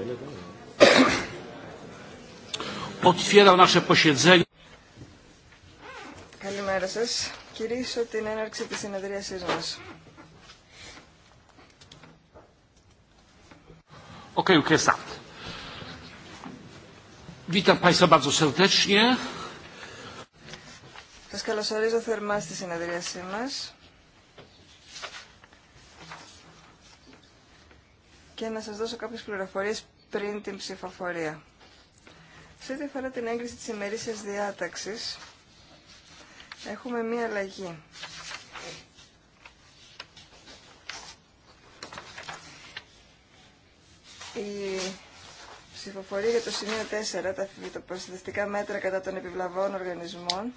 Otwieram nasze posiedzenie. Καλημέρα σα. Κυρίσω την έναρξη τη συνεδρίασή μα. Okay, okay, start. Witam Państwa bardzo serdecznie. Σα καλωσορίζω θερμά στη συνεδρίασή μας. και να σας δώσω κάποιες πληροφορίες πριν την ψηφοφορία. Σε ό,τι αφορά την έγκριση της ημερήσιας διάταξης, έχουμε μία αλλαγή. Η ψηφοφορία για το σημείο 4, τα προστατευτικά μέτρα κατά των επιβλαβών οργανισμών,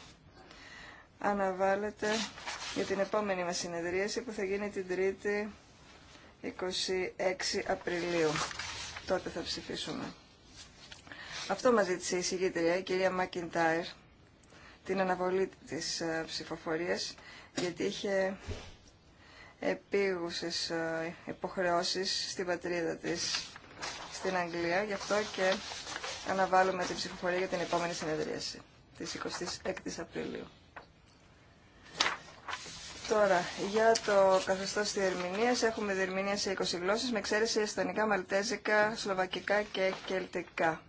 αναβάλλεται για την επόμενη μας συνεδρίαση που θα γίνει την Τρίτη 26 Απριλίου. Τότε θα ψηφίσουμε. Αυτό μας ζήτησε η συγγύτρια η κυρία Μακιντάιρ, την αναβολή της ε, ψηφοφορίας, γιατί είχε επίγουσες ε, υποχρεώσεις στην πατρίδα της, στην Αγγλία. Γι' αυτό και αναβάλουμε την ψηφοφορία για την επόμενη συνεδρίαση, της 26 Απριλίου. Τώρα, για το τη διερμηνίας έχουμε διερμηνία σε 20 γλώσσε. με εξαίρεση αισθανικά, μαλτέζικα, σλοβακικά και κελτικά.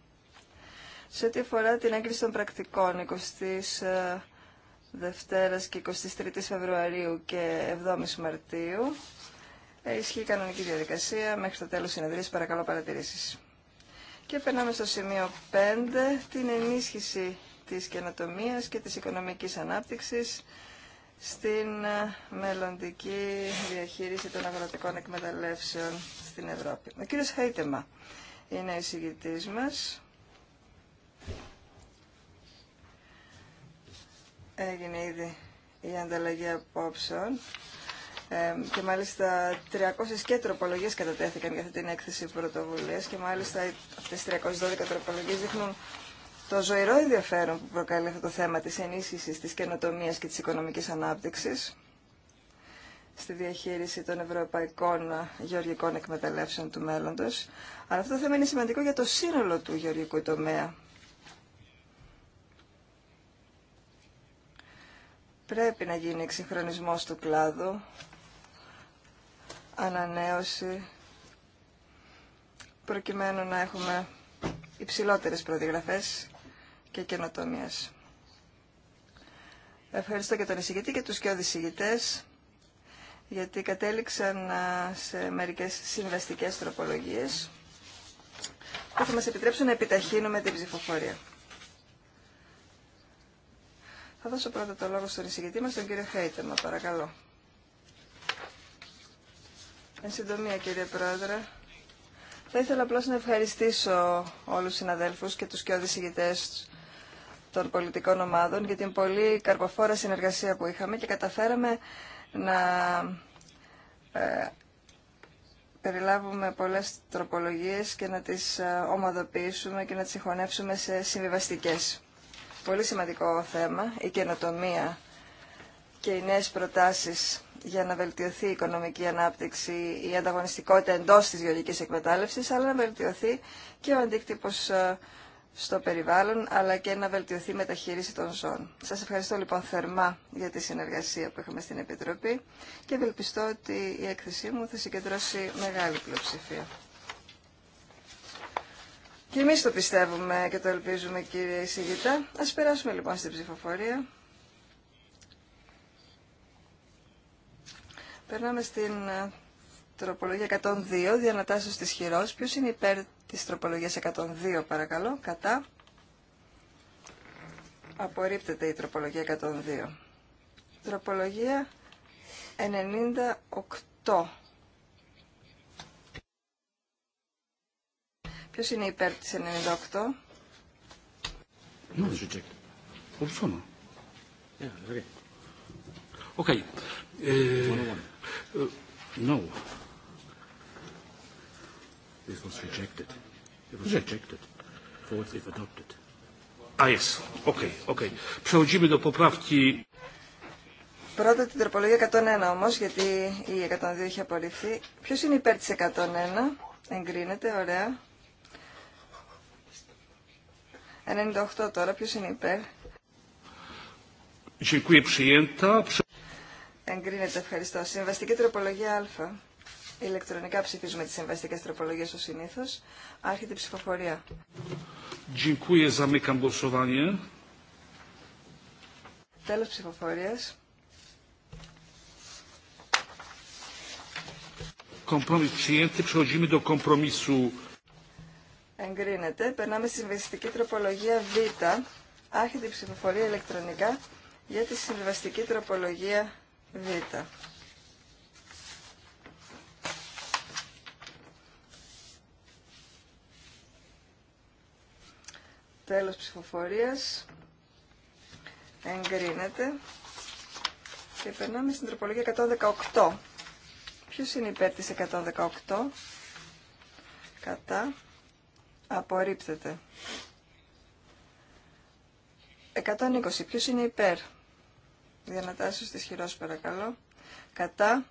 Σε ό,τι αφορά την έγκριση των πρακτικών 20 ε, Δευτέρα και 23 Φεβρουαρίου και 7 η Μαρτίου, ε, ισχύει η κανονική διαδικασία μέχρι το τέλο συνεδρίας. Παρακαλώ παρατηρήσει. Και περνάμε στο σημείο 5, την ενίσχυση τη καινοτομία και τη οικονομική ανάπτυξη στην ε, μελλοντική διαχείριση των αγροτικών εκμεταλλεύσεων στην Ευρώπη. Ο κύριος Χαΐτεμα είναι η εισηγητής μας. Έγινε ήδη η ανταλλαγή απόψεων ε, και μάλιστα 300 και τροπολογίε κατατέθηκαν για αυτή την έκθεση πρωτοβουλία και μάλιστα αυτέ τι 312 τροπολογίε δείχνουν το ζωηρό ενδιαφέρον που προκαλεί αυτό το θέμα της ενίσχυσης της καινοτομίας και της οικονομικής ανάπτυξης στη διαχείριση των ευρωπαϊκών γεωργικών εκμεταλλεύσεων του μέλλοντος. Αλλά αυτό το θέμα είναι σημαντικό για το σύνολο του γεωργικού τομέα. Πρέπει να γίνει εξυγχρονισμός του κλάδου, ανανέωση, προκειμένου να έχουμε υψηλότερες προδιαγραφές και καινοτομίας. Ευχαριστώ και τον εισηγητή και τους και οδησηγητές γιατί κατέληξαν σε μερικές συμβαστικές τροπολογίες που θα μας επιτρέψουν να επιταχύνουμε την ψηφοφορία. Θα δώσω πρώτα το λόγο στον εισηγητή μας, τον κύριο Χέιτεμα, παρακαλώ. Εν συντομία, κύριε Πρόεδρε, θα ήθελα απλώς να ευχαριστήσω όλους τους συναδέλφους και τους και οδησηγητές των πολιτικών ομάδων για την πολύ καρποφόρα συνεργασία που είχαμε και καταφέραμε να ε, περιλάβουμε πολλές τροπολογίες και να τις ε, ομαδοποιήσουμε και να τις συγχωνεύσουμε σε συμβιβαστικές. Πολύ σημαντικό θέμα, η καινοτομία και οι νέες προτάσεις για να βελτιωθεί η οικονομική ανάπτυξη, η ανταγωνιστικότητα εντός της γεωργικής εκμετάλλευσης, αλλά να βελτιωθεί και ο αντίκτυπος ε, στο περιβάλλον, αλλά και να βελτιωθεί η μεταχείριση των ζώων. Σας ευχαριστώ λοιπόν θερμά για τη συνεργασία που είχαμε στην Επιτροπή και ευελπιστώ ότι η έκθεσή μου θα συγκεντρώσει μεγάλη πλειοψηφία. Και εμείς το πιστεύουμε και το ελπίζουμε κύριε Ισηγητά. Ας περάσουμε λοιπόν στην ψηφοφορία. Περνάμε στην Τροπολογία 102, διανατάσσεως της χειρός. Ποιος είναι υπέρ της τροπολογίας 102, παρακαλώ. Κατά. Απορρίπτεται η τροπολογία 102. Τροπολογία 98. Ποιος είναι υπέρ της 98? Ε, μόνο. Πρώτα την τροπολογία 101 όμω γιατί η 102 είχε απορριφθεί. Ποιο είναι υπέρ τη 101? Εγκρίνεται, ωραία. 98 τώρα, ποιο είναι υπέρ? Εγκρίνεται, ευχαριστώ. Συμβαστική τροπολογία Α. Ηλεκτρονικά ψηφίζουμε τις συμβαστικές τροπολογίες ως συνήθως. Άρχεται η ψηφοφορία. Τέλος ψηφοφορίας. Εγκρίνεται. Περνάμε στη συμβαστική τροπολογία Β. Άρχεται η ψηφοφορία ηλεκτρονικά για τη συμβαστική τροπολογία Β. Τέλος ψηφοφορίας. Εγκρίνεται. Και περνάμε στην τροπολογία 118. Ποιος είναι υπέρ της 118. Κατά. Απορρίπτεται. 120. Ποιος είναι υπέρ. Διανατάσεις της χειρός παρακαλώ. Κατά.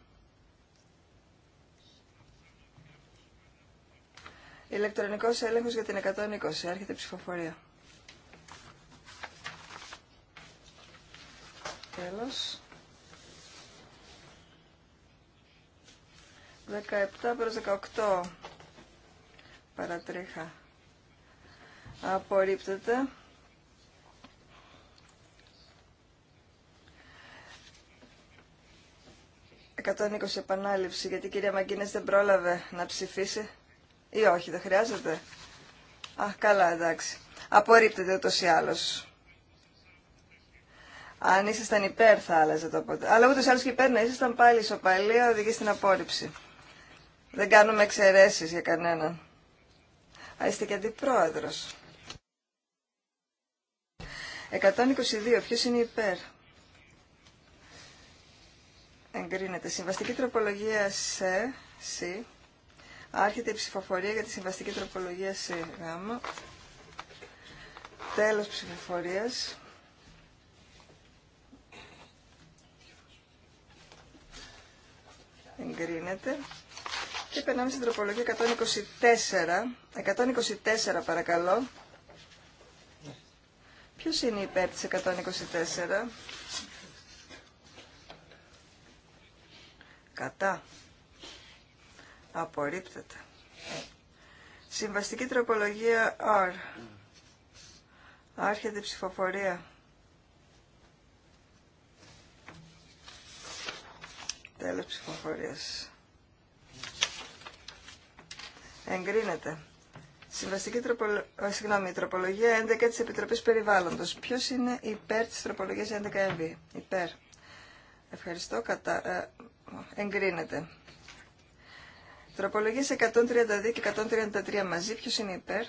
Ηλεκτρονικός έλεγχος για την 120. Άρχεται η ψηφοφορία. Τέλος. 17 προς 18 παρατρίχα. Απορρίπτεται. Εκατόν επανάληψη, γιατί η κυρία Μαγκίνες δεν πρόλαβε να ψηφίσει. Ή όχι, δεν χρειάζεται. Α, καλά, εντάξει. Απορρίπτεται ούτως ή άλλως. Αν ήσασταν υπέρ θα άλλαζε το ποτέ. Αλλά ούτως ή άλλως και υπέρ να ήσασταν πάλι ισοπαλία οδηγεί στην απόρριψη. Δεν κάνουμε εξαιρέσεις για κανέναν. Α, είστε και αντιπρόεδρος. 122. Ποιος είναι υπέρ. Εγκρίνεται. Συμβαστική τροπολογία σε, σι, Άρχεται η ψηφοφορία για τη συμβαστική τροπολογία σε γάμα. Τέλος ψηφοφορίας. Εγκρίνεται. Και περνάμε στην τροπολογία 124. 124 παρακαλώ. Ποιος είναι υπέρ της 124. Κατά. Απορρίπτεται. Συμβαστική τροπολογία R. Άρχεται η ψηφοφορία. Τέλος ψηφοφορίας. Εγκρίνεται. Συμβαστική ε, τροπολογία 11 της Επιτροπής Περιβάλλοντος. Ποιος είναι υπέρ της τροπολογίας 11 MV. Υπέρ. Ευχαριστώ. Κατα... Ε, εγκρίνεται. Τροπολογίες 132 και 133 μαζί. Ποιος είναι υπέρ.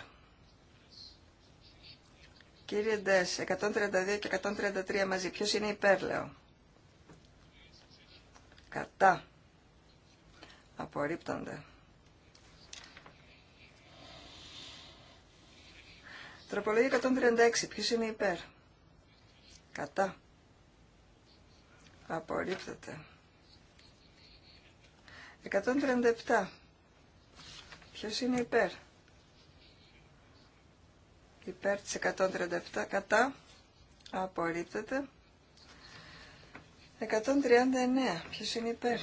Κύριε Ντές, 132 και 133 μαζί. Ποιος είναι υπέρ, λέω. Κατά. Απορρίπτονται. Τροπολογία 136. Ποιος είναι υπέρ. Κατά. απορρίπτονται. 137. Ποιος είναι υπέρ. Υπέρ της 137 κατά. Απορρίπτεται. 139. Ποιος είναι υπέρ.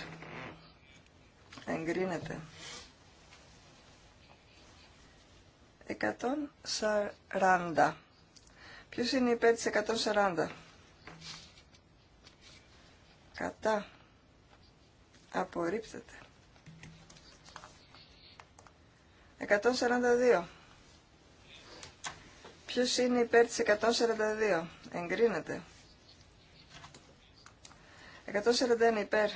Εγκρίνεται. 140. Ποιος είναι υπέρ της 140. Κατά. Απορρίπτεται. 142. Ποιος είναι υπέρ της 142. Εγκρίνεται. 141 υπέρ.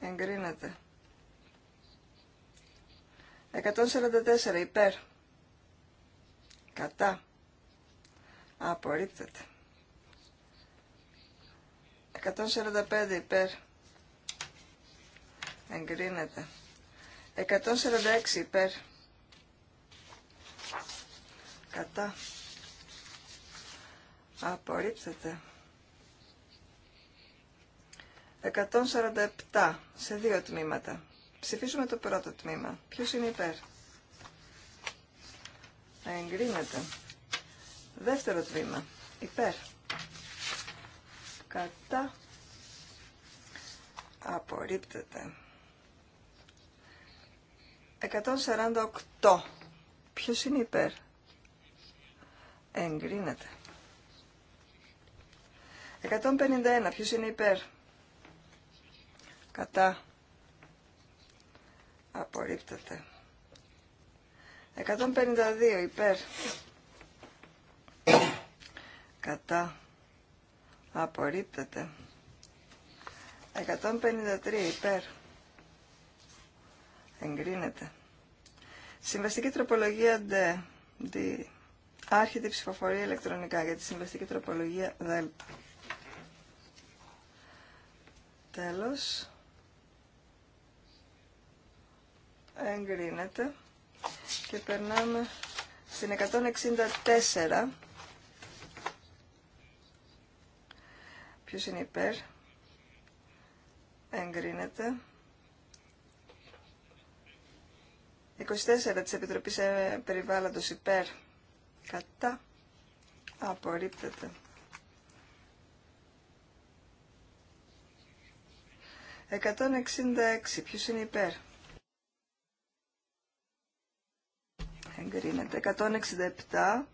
Εγκρίνεται. 144 υπέρ. Κατά. Απορρίπτεται. 145 υπέρ. Εγκρίνεται. 146 υπέρ κατά απορρίπτεται 147 σε δύο τμήματα ψηφίζουμε το πρώτο τμήμα ποιος είναι υπέρ εγκρίνεται δεύτερο τμήμα υπέρ κατά απορρίπτεται 148 ποιος είναι υπέρ Εγκρίνεται. 151. Ποιος είναι υπέρ. Κατά. Απορρίπτεται. 152. Υπέρ. Κατά. Απορρίπτεται. 153. Υπέρ. Εγκρίνεται. Συμβαστική τροπολογία D. D. Άρχεται η ψηφοφορία ηλεκτρονικά για τη συμβαστική τροπολογία ΔΕΛΤΑ. Τέλος. Εγκρίνεται. Και περνάμε στην 164. Ποιος είναι υπέρ. Εγκρίνεται. 24 της Επιτροπής ε, Περιβάλλοντος υπέρ κατά απορρίπτεται. 166. Ποιος είναι υπέρ. Εγκρίνεται. 167.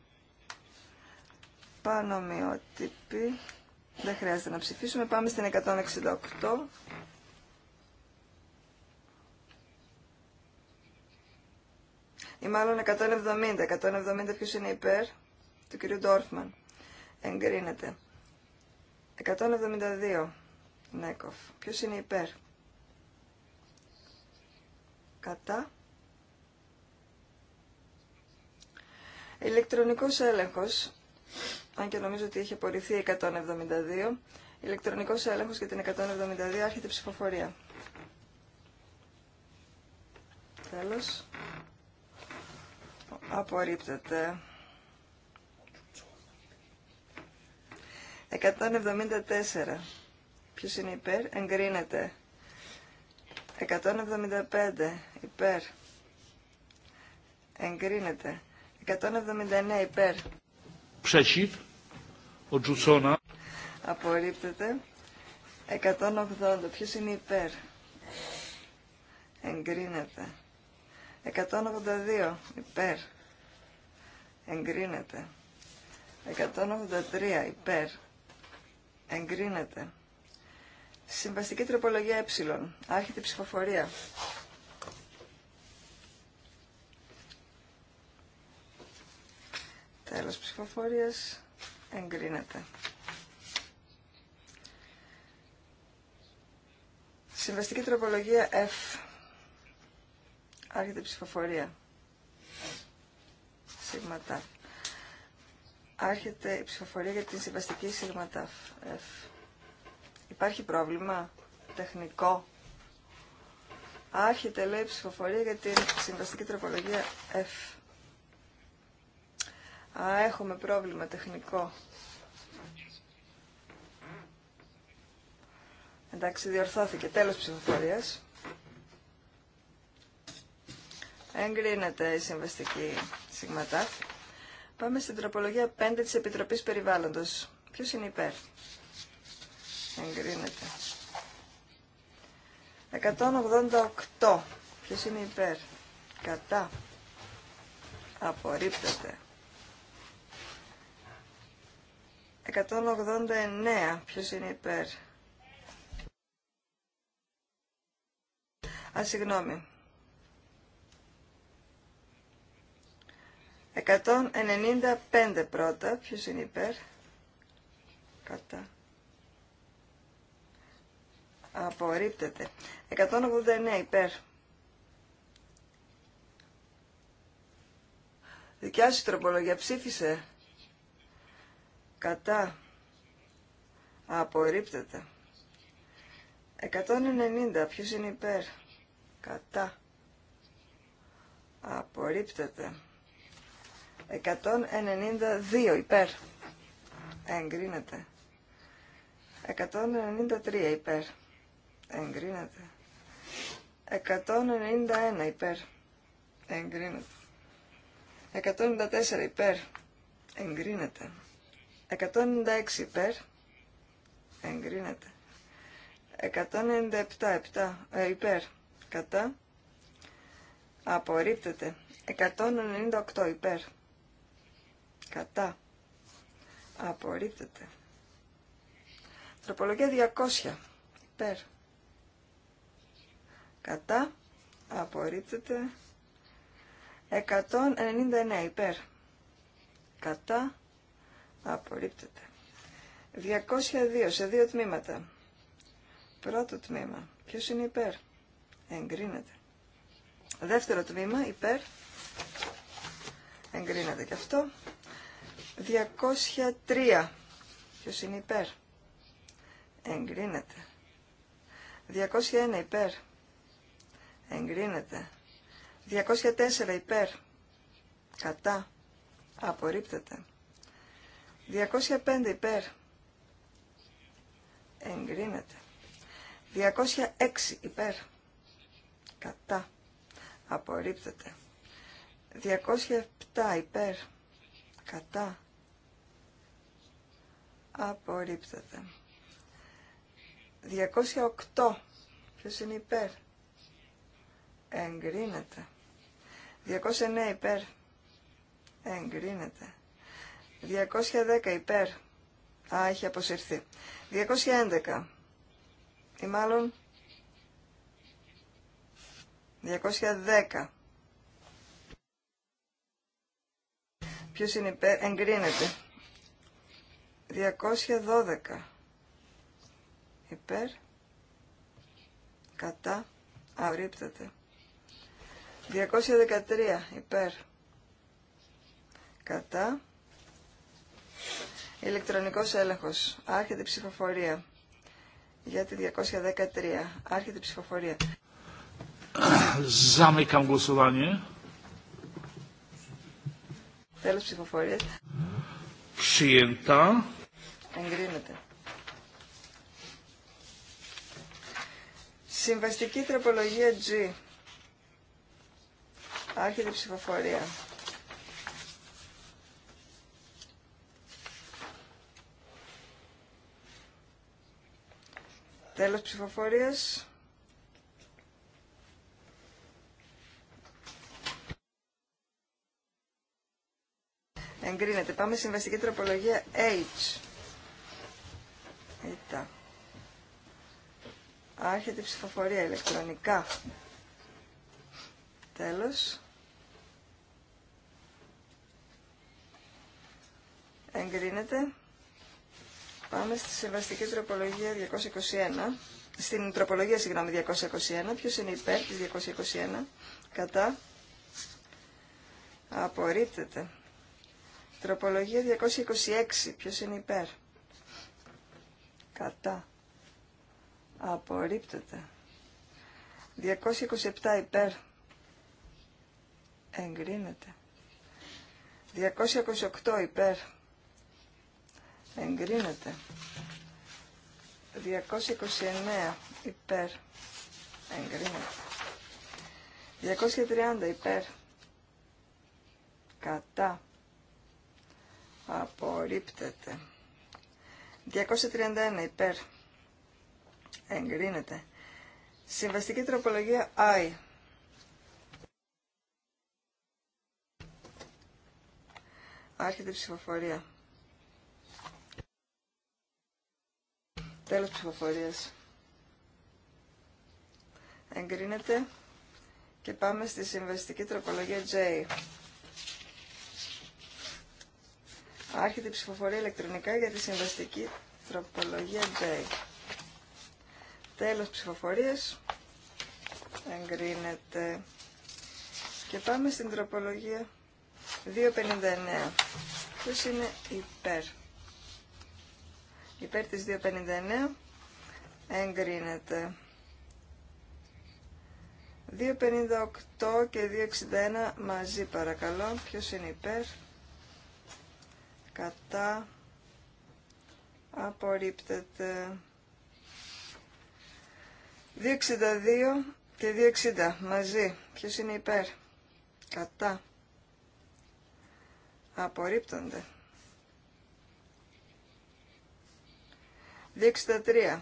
Πάνω μειότυπη. Δεν χρειάζεται να ψηφίσουμε. Πάμε στην 168. ή μάλλον 170. 170 ποιος είναι υπέρ του κυρίου Ντόρφμαν. Εγκρίνεται. 172. Νέκοφ. Ποιος είναι υπέρ. Κατά. Ηλεκτρονικός έλεγχος. Αν και νομίζω ότι είχε απορριφθεί 172. Ηλεκτρονικός έλεγχος για την 172 άρχεται η ψηφοφορία. Τέλος απορρίπτεται. 174. Ποιος είναι υπέρ, εγκρίνεται. 175 υπέρ. Εγκρίνεται. 179 υπέρ. Ο Απορρίπτεται. 180. Ποιος είναι υπέρ. Εγκρίνεται. 182 υπέρ εγκρίνεται. 183 υπέρ, εγκρίνεται. Συμβαστική τροπολογία ε, άρχεται η ψηφοφορία. Τέλος ψηφοφορίας, εγκρίνεται. Συμβαστική τροπολογία F. Άρχεται η ψηφοφορία. Άρχεται η ψηφοφορία για την συμβαστική σύγματα Υπάρχει πρόβλημα τεχνικό. Άρχεται λέει η ψηφοφορία για την συμβαστική τροπολογία F. Α, έχουμε πρόβλημα τεχνικό. Εντάξει, διορθώθηκε. Τέλος ψηφοφορίας. Εγκρίνεται η συμβαστική Πάμε στην τροπολογία 5 της Επιτροπής Περιβάλλοντος. Ποιος είναι υπέρ. Εγκρίνεται. 188. Ποιος είναι υπέρ. Κατά. Απορρίπτεται. 189. Ποιος είναι υπέρ. Α, συγγνώμη. 195 πρώτα. Ποιο είναι υπέρ. Κατά. Απορρίπτεται. 189 υπέρ. Δικιά σου τροπολογία ψήφισε. Κατά. Απορρίπτεται. 190. Ποιος είναι υπέρ. Κατά. Απορρίπτεται. 192 υπέρ. Εγκρίνεται. 193 υπέρ. Εγκρίνεται. 191 υπέρ. Εγκρίνεται. 194 υπέρ. Εγκρίνεται. 196 υπέρ. Εγκρίνεται. 197 ε, υπέρ. Κατά. Απορρίπτεται. 198 υπέρ. Κατά. Απορρίπτεται. Τροπολογία 200. Υπέρ. Κατά. Απορρίπτεται. 199. Υπέρ. Κατά. Απορρίπτεται. 202 σε δύο τμήματα. Πρώτο τμήμα. Ποιος είναι υπέρ. Εγκρίνεται. Δεύτερο τμήμα. Υπέρ. Εγκρίνεται και αυτό. 203. Ποιος είναι υπέρ. Εγκρίνεται. 201 υπέρ. Εγκρίνεται. 204 υπέρ. Κατά. Απορρίπτεται. 205 υπέρ. Εγκρίνεται. 206 υπέρ. Κατά. Απορρίπτεται. 207 υπέρ. Κατά απορρίπτεται. 208. Ποιος είναι υπέρ. Εγκρίνεται. 209 υπέρ. Εγκρίνεται. 210 υπέρ. Α, έχει αποσυρθεί. 211. Ή μάλλον 210. Ποιος είναι υπέρ. Εγκρίνεται. 212 υπέρ κατά αρρύπτεται 213 υπέρ κατά ηλεκτρονικός έλεγχος άρχεται η ψηφοφορία για τη 213 άρχεται η ψηφοφορία Zamykam głosowanie. Τέλος ψηφοφορίας. Przyjęta. Εγκρίνεται. Συμβαστική τροπολογία G. Άρχεται η ψηφοφορία. Τέλος ψηφοφορίας. Εγκρίνεται. Πάμε συμβαστική τροπολογία H. Άρχεται η ψηφοφορία ηλεκτρονικά. Τέλος. Εγκρίνεται. Πάμε στη συμβαστική τροπολογία 221. Στην τροπολογία, συγγνώμη, 221. Ποιος είναι υπέρ της 221. Κατά. Απορρίπτεται. Τροπολογία 226. Ποιος είναι υπέρ κατά απορρίπτεται 227 υπέρ εγκρίνεται 228 υπέρ εγκρίνεται 229 υπέρ εγκρίνεται 230 υπέρ κατά απορρίπτεται 231 υπέρ. Εγκρίνεται. Συμβαστική τροπολογία I. Άρχεται η ψηφοφορία. Τέλος ψηφοφορίας. Εγκρίνεται και πάμε στη συμβαστική τροπολογία J. Άρχεται η ψηφοφορία ηλεκτρονικά για τη συμβαστική τροπολογία J. Τέλος ψηφοφορίας. Εγκρίνεται. Και πάμε στην τροπολογία 259. Ποιος είναι υπέρ. Υπέρ της 259 εγκρίνεται. 258 και 261 μαζί παρακαλώ. Ποιος είναι υπέρ κατά απορρίπτεται 262 και 260 μαζί ποιος είναι υπέρ κατά απορρίπτονται 263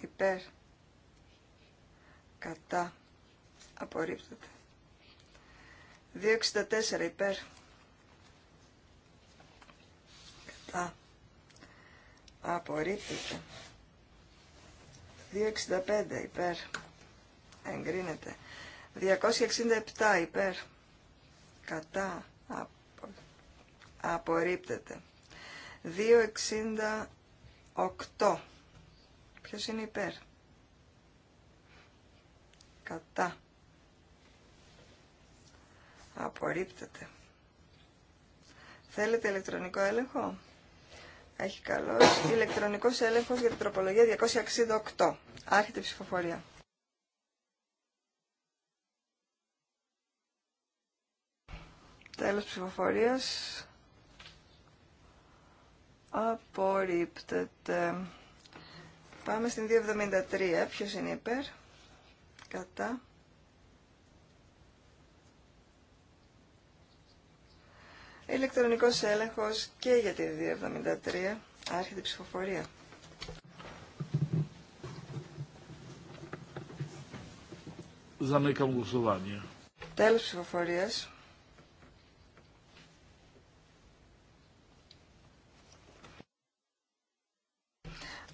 υπέρ κατά απορρίπτεται 264 υπέρ απορρίπτεται 265 υπέρ εγκρίνεται 267 υπέρ κατά απορρίπτεται 268 ποιος είναι υπέρ κατά απορρίπτεται θέλετε ηλεκτρονικό έλεγχο έχει καλώς. Ηλεκτρονικός έλεγχο για την τροπολογία 268. Άρχεται η ψηφοφορία. Τέλος ψηφοφορία. Απορρίπτεται. Πάμε στην 273. Ποιο είναι υπέρ. Κατά. Ηλεκτρονικός έλεγχος και για τη 273. Άρχεται η ψηφοφορία. Zamykam ψηφοφορία. Τέλος ψηφοφορίας.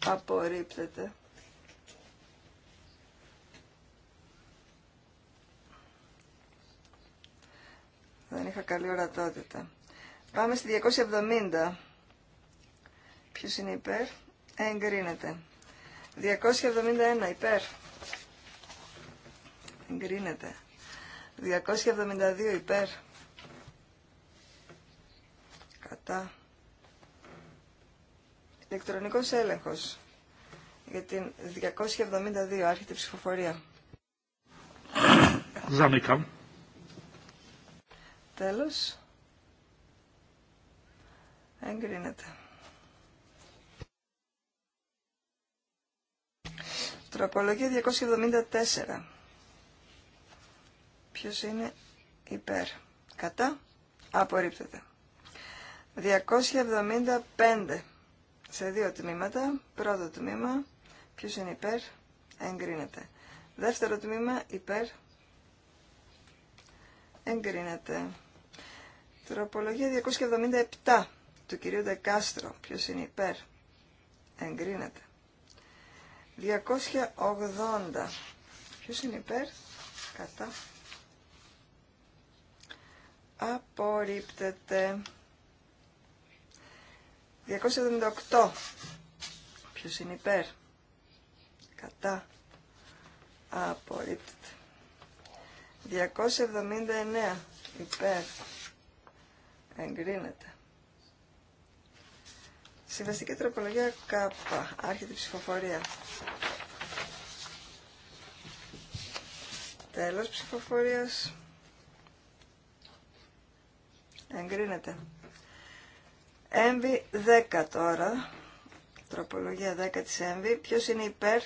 Απορρίπτεται. Δεν είχα καλή ορατότητα. Πάμε στη 270. Ποιος είναι υπέρ. Ε, εγκρίνεται. 271 υπέρ. Εγκρίνεται. 272 υπέρ. Κατά. Ηλεκτρονικός έλεγχος. Για την 272 άρχεται ψηφοφορία. Τέλος. Εγκρίνεται. Τροπολογία 274. Ποιος είναι υπέρ. Κατά. Απορρίπτεται. 275. Σε δύο τμήματα. Πρώτο τμήμα. Ποιος είναι υπέρ. Εγκρίνεται. Δεύτερο τμήμα. Υπέρ. Εγκρίνεται. Τροπολογία 277 του κυρίου Δεκάστρο. Ποιος είναι υπέρ. Εγκρίνεται. 280. Ποιος είναι υπέρ. Κατά. Απορρίπτεται. 278. Ποιος είναι υπέρ. Κατά. Απορρίπτεται. 279. Υπέρ. Εγκρίνεται. Συμβαστική τροπολογία κάπα Άρχεται η ψηφοφορία. Τέλος ψηφοφορίας. Εγκρίνεται. Έμβη 10 τώρα. Τροπολογία 10 της Έμβη. Ποιος είναι υπέρ.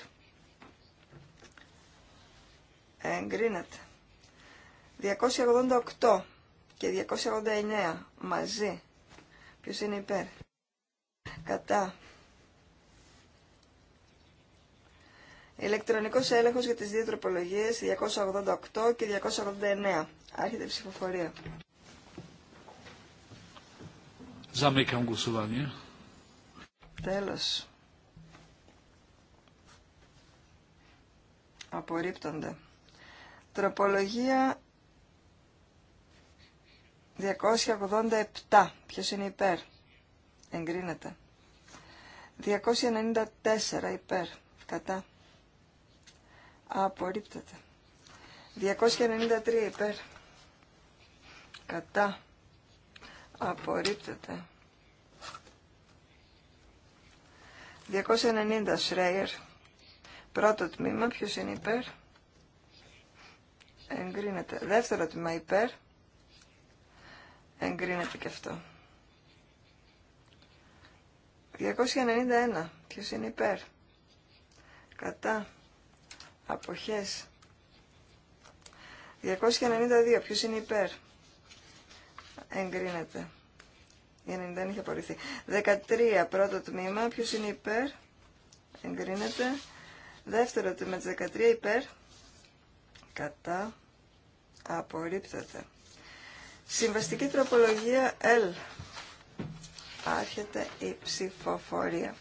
Εγκρίνεται. 288 και 289 μαζί. Ποιος είναι υπέρ. Κατά. Ηλεκτρονικός έλεγχος για τις δύο τροπολογίες 288 και 289. Άρχεται η ψηφοφορία. Zamykam głosowanie. Τέλος. Απορρίπτονται. Τροπολογία 287. Ποιος είναι υπέρ. Εγκρίνεται. 294 υπέρ κατά απορρίπτεται 293 υπέρ κατά απορρίπτεται 290 Σρέιερ πρώτο τμήμα ποιος είναι υπέρ εγκρίνεται δεύτερο τμήμα υπέρ εγκρίνεται και αυτό 291. Ποιος είναι υπέρ. Κατά. Αποχές. 292. Ποιος είναι υπέρ. Εγκρίνεται. Η 90 είχε απορριφθεί. 13. Πρώτο τμήμα. Ποιος είναι υπέρ. Εγκρίνεται. Δεύτερο τμήμα της 13. Υπέρ. Κατά. Απορρίπτεται. Συμβαστική τροπολογία L. Άρχεται η ψηφοφορία.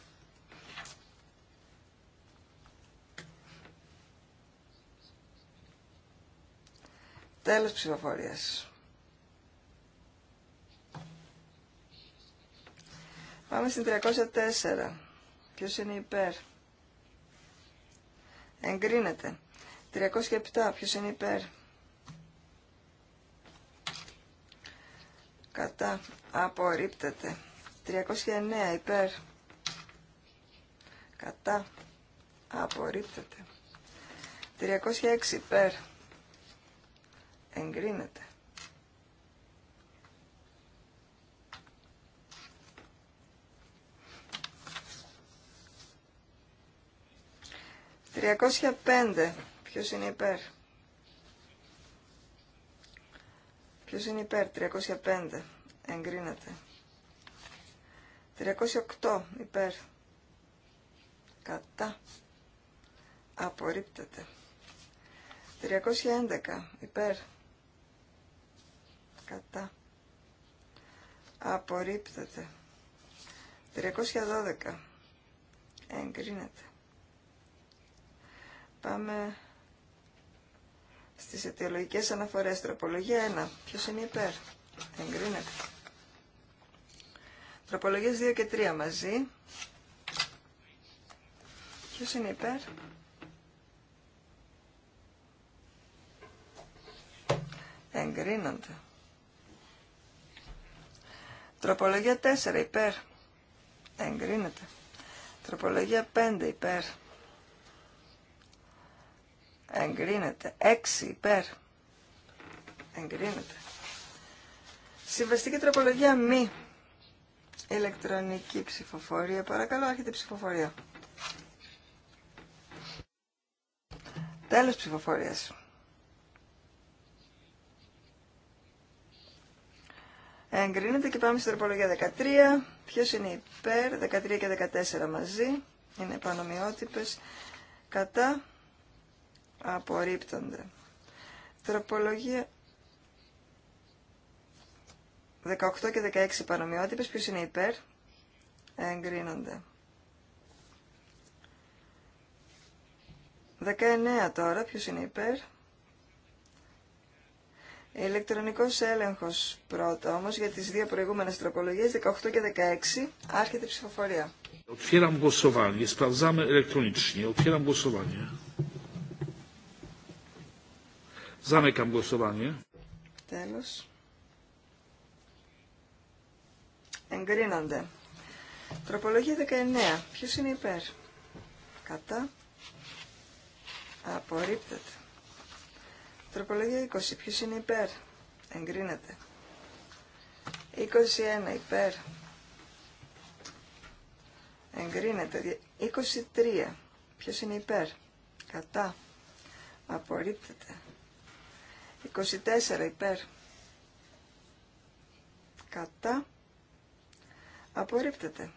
Τέλος ψηφοφορίας. Πάμε στην 304. Ποιος είναι υπέρ. Εγκρίνεται. 307. Ποιος είναι υπέρ. Κατά. Απορρίπτεται. 309 υπέρ. Κατά. Απορρίπτεται. 306 υπέρ. Εγκρίνεται. 305. Ποιος είναι υπέρ. Ποιος είναι υπέρ. 305. Εγκρίνεται. 308 υπέρ. Κατά. Απορρίπτεται. 311 υπέρ. Κατά. Απορρίπτεται. 312 εγκρίνεται. Πάμε στις αιτιολογικές αναφορές. Τροπολογία 1. Ποιος είναι υπέρ. Εγκρίνεται. Τροπολογίες 2 και 3 μαζί. Ποιος είναι υπέρ. Εγκρίνονται. Τροπολογία 4 υπέρ. Εγκρίνεται. Τροπολογία 5 υπέρ. Εγκρίνεται. 6 υπέρ. Εγκρίνεται. Συμβαστική τροπολογία μη Ηλεκτρονική ψηφοφορία. Παρακαλώ, έρχεται ψηφοφορία. Τέλος ψηφοφορίας. Εγκρίνεται και πάμε στην τροπολογία 13. Ποιος είναι υπέρ, 13 και 14 μαζί. Είναι πανομοιότυπες. Κατά απορρίπτονται. Τροπολογία 18 και 16 παρομοιότυπες. Ποιος είναι υπέρ. Εγκρίνονται. 19 τώρα. Ποιος είναι υπέρ. Ηλεκτρονικός έλεγχος πρώτα όμως για τις δύο προηγούμενες τροπολογίες 18 και 16 άρχεται η ψηφοφορία. Otwieram głosowanie. Sprawdzamy elektronicznie. Otwieram głosowanie. Zamykam głosowanie. Τέλος. εγκρίνονται. Τροπολογία 19. Ποιος είναι υπέρ. Κατά. Απορρίπτεται. Τροπολογία 20. Ποιος είναι υπέρ. Εγκρίνεται. 21. Υπέρ. Εγκρίνεται. 23. Ποιος είναι υπέρ. Κατά. Απορρίπτεται. 24. Υπέρ. Κατά. Απορρίπτεται.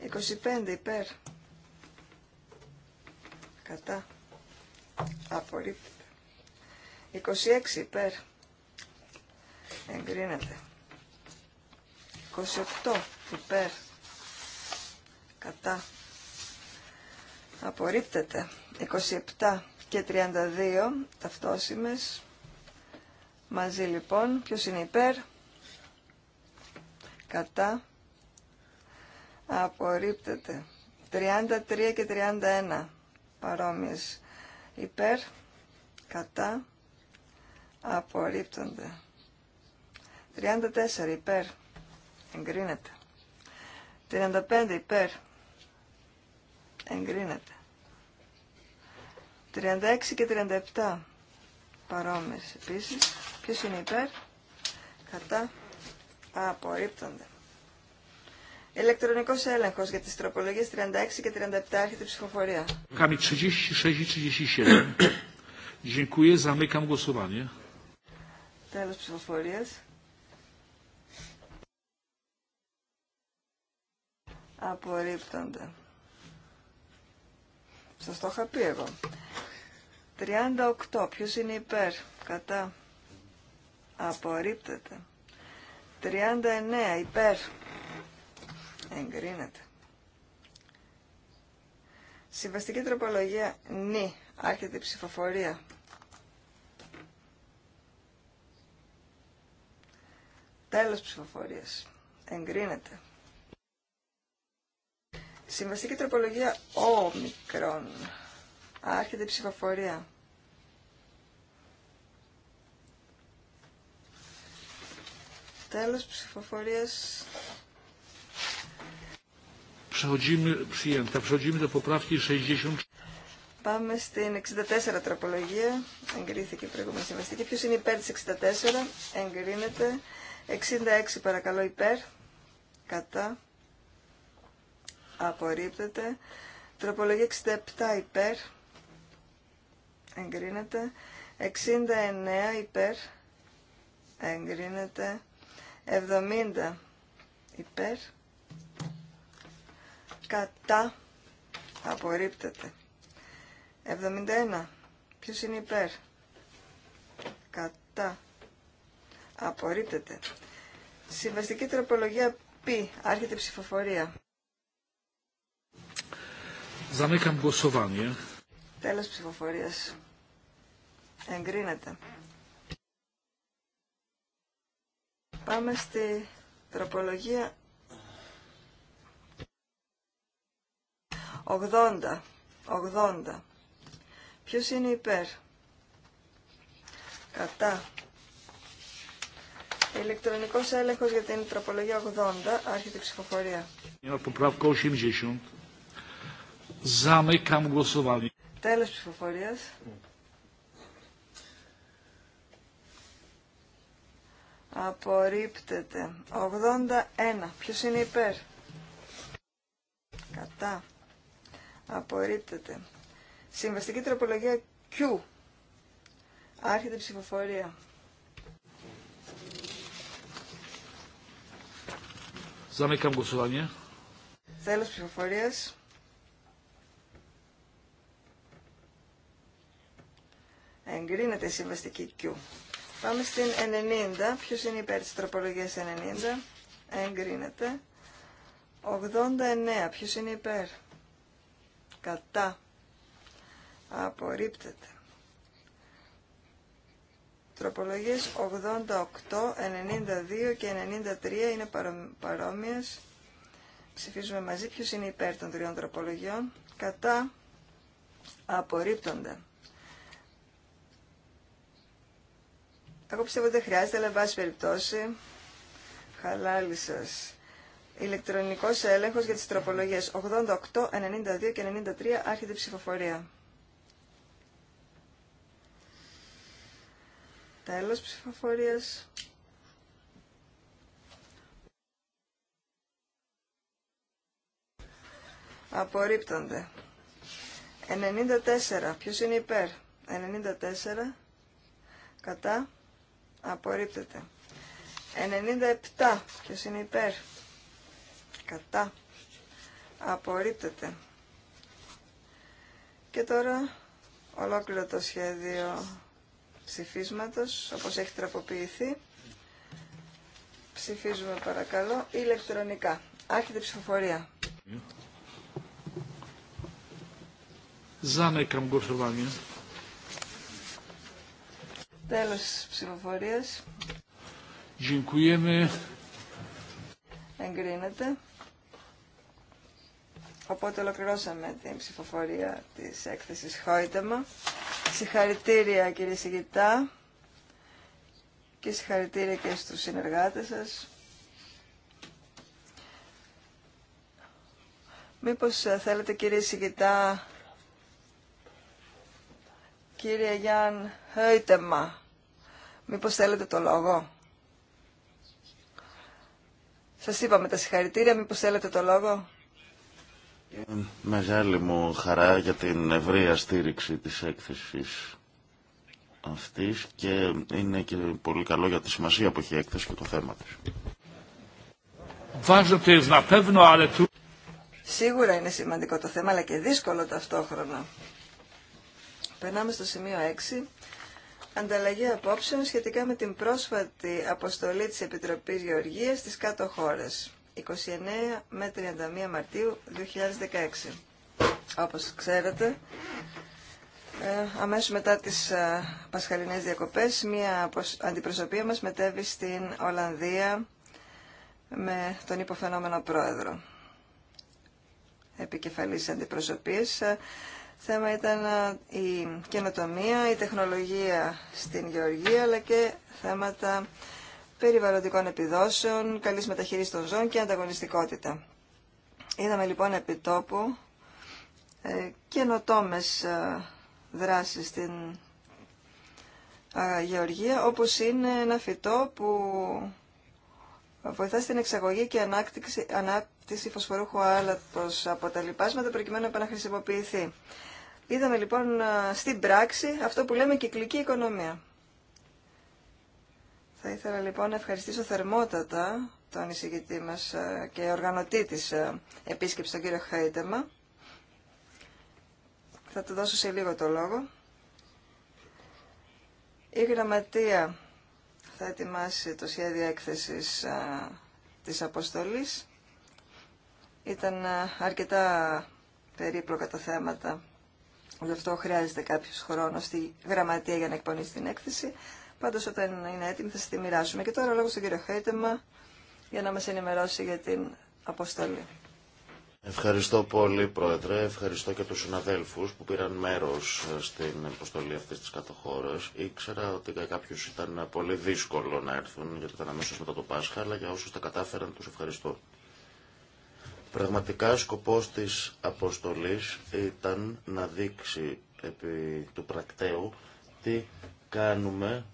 25 υπέρ. Κατά. Απορρίπτεται. 26 υπέρ. Εγκρίνεται. 28 υπέρ. Κατά. Απορρίπτεται. 27 και 32 ταυτόσιμες. Μαζί λοιπόν. Ποιος είναι υπέρ. Κατά Απορρίπτεται. 33 και 31 παρόμοιες υπέρ, κατά, απορρίπτονται. 34 υπέρ, εγκρίνεται. 35 υπέρ, εγκρίνεται. 36 και 37 παρόμοιες επίσης. Ποιος είναι υπέρ, κατά, απορρίπτονται. Ελεκτρονικός έλεγχος για τις τροπολογίες 36 και 37 έρχεται ψηφοφορία. Κάμι 36 Τέλος ψηφοφορίας. Απορρίπτονται. Σας το είχα πει εγώ. 38. Ποιος είναι υπέρ. Κατά. Απορρίπτεται. 39. Υπέρ. Εγκρίνεται. Συμβαστική τροπολογία νη. Άρχεται η ψηφοφορία. Τέλος ψηφοφορίας. Εγκρίνεται. Συμβαστική τροπολογία ο μικρόν. Άρχεται η ψηφοφορία. Τέλος ψηφοφορίας Przechodzimy, przyjęta. Przechodzimy do Πάμε στην 64 τροπολογία. Εγκρίθηκε η προηγούμενη συμβαστική. Ποιο είναι υπέρ τη 64. Εγκρίνεται. 66 παρακαλώ υπέρ. Κατά. Απορρίπτεται. Τροπολογία 67 υπέρ. Εγκρίνεται. 69 υπέρ. Εγκρίνεται. 70 υπέρ. Κατά. Απορρίπτεται. 71. Ποιος είναι υπέρ. Κατά. Απορρίπτεται. Συμβαστική τροπολογία π. Άρχεται ψηφοφορία. Zamykam głosowanie. Τέλος ψηφοφορίας. Εγκρίνεται. Πάμε στη τροπολογία 80. 80. Ποιος είναι υπέρ. Κατά. Ηλεκτρονικός έλεγχος για την τροπολογία 80. Άρχεται η ψηφοφορία. Τέλος ψηφοφορίας. Απορρίπτεται. 81. Ποιος είναι υπέρ. Κατά. Απορρίπτεται. Συμβαστική τροπολογία Q. Άρχεται ψηφοφορία. Zamykam głosowanie. Τέλος ψηφοφορίας. Εγκρίνεται η συμβαστική Q. Πάμε στην 90. Ποιος είναι υπέρ της τροπολογίας 90. Εγκρίνεται. 89. Ποιος είναι υπέρ κατά απορρίπτεται. Τροπολογίες 88, 92 και 93 είναι παρόμοιες. Ψηφίζουμε μαζί ποιος είναι υπέρ των τριών τροπολογιών. Κατά απορρίπτονται. Εγώ πιστεύω ότι δεν χρειάζεται, αλλά εν πάση περιπτώσει, χαλάλη σας Ηλεκτρονικό έλεγχο για τις τροπολογίες 88, 92 και 93 άρχεται ψηφοφορία. Τέλος ψηφοφορίας. Απορρίπτονται. 94. Ποιος είναι υπέρ. 94. Κατά. Απορρίπτεται. 97. Ποιος είναι υπέρ κατά απορρίπτεται. Και τώρα ολόκληρο το σχέδιο ψηφίσματος όπως έχει τραποποιηθεί. Ψηφίζουμε παρακαλώ ηλεκτρονικά. Άρχεται ψηφοφορία. Τέλο τη Τέλος ψηφοφορίας. Εγκρίνεται. Οπότε ολοκληρώσαμε την ψηφοφορία της έκθεσης Χόιτεμα. Συγχαρητήρια κύριε Σιγητά και συγχαρητήρια και στους συνεργάτες σας. Μήπως ε, θέλετε κύριε Σιγητά, κύριε Γιάν Χόιτεμα, μήπως θέλετε το λόγο. Σας είπαμε τα συγχαρητήρια, μήπως θέλετε το λόγο. Μεγάλη μου χαρά για την ευρεία στήριξη της έκθεσης αυτής και είναι και πολύ καλό για τη σημασία που έχει η έκθεση και το θέμα της. Σίγουρα είναι σημαντικό το θέμα, αλλά και δύσκολο ταυτόχρονα. Περνάμε στο σημείο 6. Ανταλλαγή απόψεων σχετικά με την πρόσφατη αποστολή της Επιτροπής Γεωργίας στις κάτω χώρες. 29 με 31 Μαρτίου 2016. Όπως ξέρετε, ε, αμέσως μετά τις ε, πασχαλινές διακοπές, μία αντιπροσωπεία μας μετέβη στην Ολλανδία με τον υποφαινόμενο πρόεδρο. Επικεφαλής αντιπροσωπείας. Ε, θέμα ήταν η καινοτομία, η τεχνολογία στην Γεωργία, αλλά και θέματα περιβαλλοντικών επιδόσεων, καλής μεταχείρισης των ζώων και ανταγωνιστικότητα. Είδαμε λοιπόν επί τόπου ε, καινοτόμες ε, δράσεις στην γεωργία, όπως είναι ένα φυτό που βοηθά στην εξαγωγή και ανάκτηση, ανάπτυξη φωσφορούχου άλατος από τα λοιπάσματα προκειμένου να επαναχρησιμοποιηθεί. Είδαμε λοιπόν ε, στην πράξη αυτό που λέμε κυκλική οικονομία. Θα ήθελα λοιπόν να ευχαριστήσω θερμότατα τον εισηγητή μας ε, και οργανωτή της ε, επίσκεψης, τον κύριο Χαϊτεμα. Θα του δώσω σε λίγο το λόγο. Η γραμματεία θα ετοιμάσει το σχέδιο έκθεσης ε, της αποστολής. Ήταν αρκετά περίπλοκα τα θέματα. Γι' αυτό χρειάζεται κάποιος χρόνο στη γραμματεία για να εκπονήσει την έκθεση. Πάντω όταν είναι έτοιμη θα σα τη μοιράσουμε. Και τώρα λόγω στον κύριο Χέιτεμα για να μα ενημερώσει για την αποστολή. Ευχαριστώ πολύ Πρόεδρε, ευχαριστώ και τους συναδέλφους που πήραν μέρος ε, στην αποστολή αυτής της κατοχώρας. Ήξερα ότι για κάποιους ήταν πολύ δύσκολο να έρθουν γιατί ήταν αμέσως μετά το Πάσχα, αλλά για όσους τα κατάφεραν τους ευχαριστώ. Πραγματικά σκοπός της αποστολής ήταν να δείξει επί του πρακτέου τι κάνουμε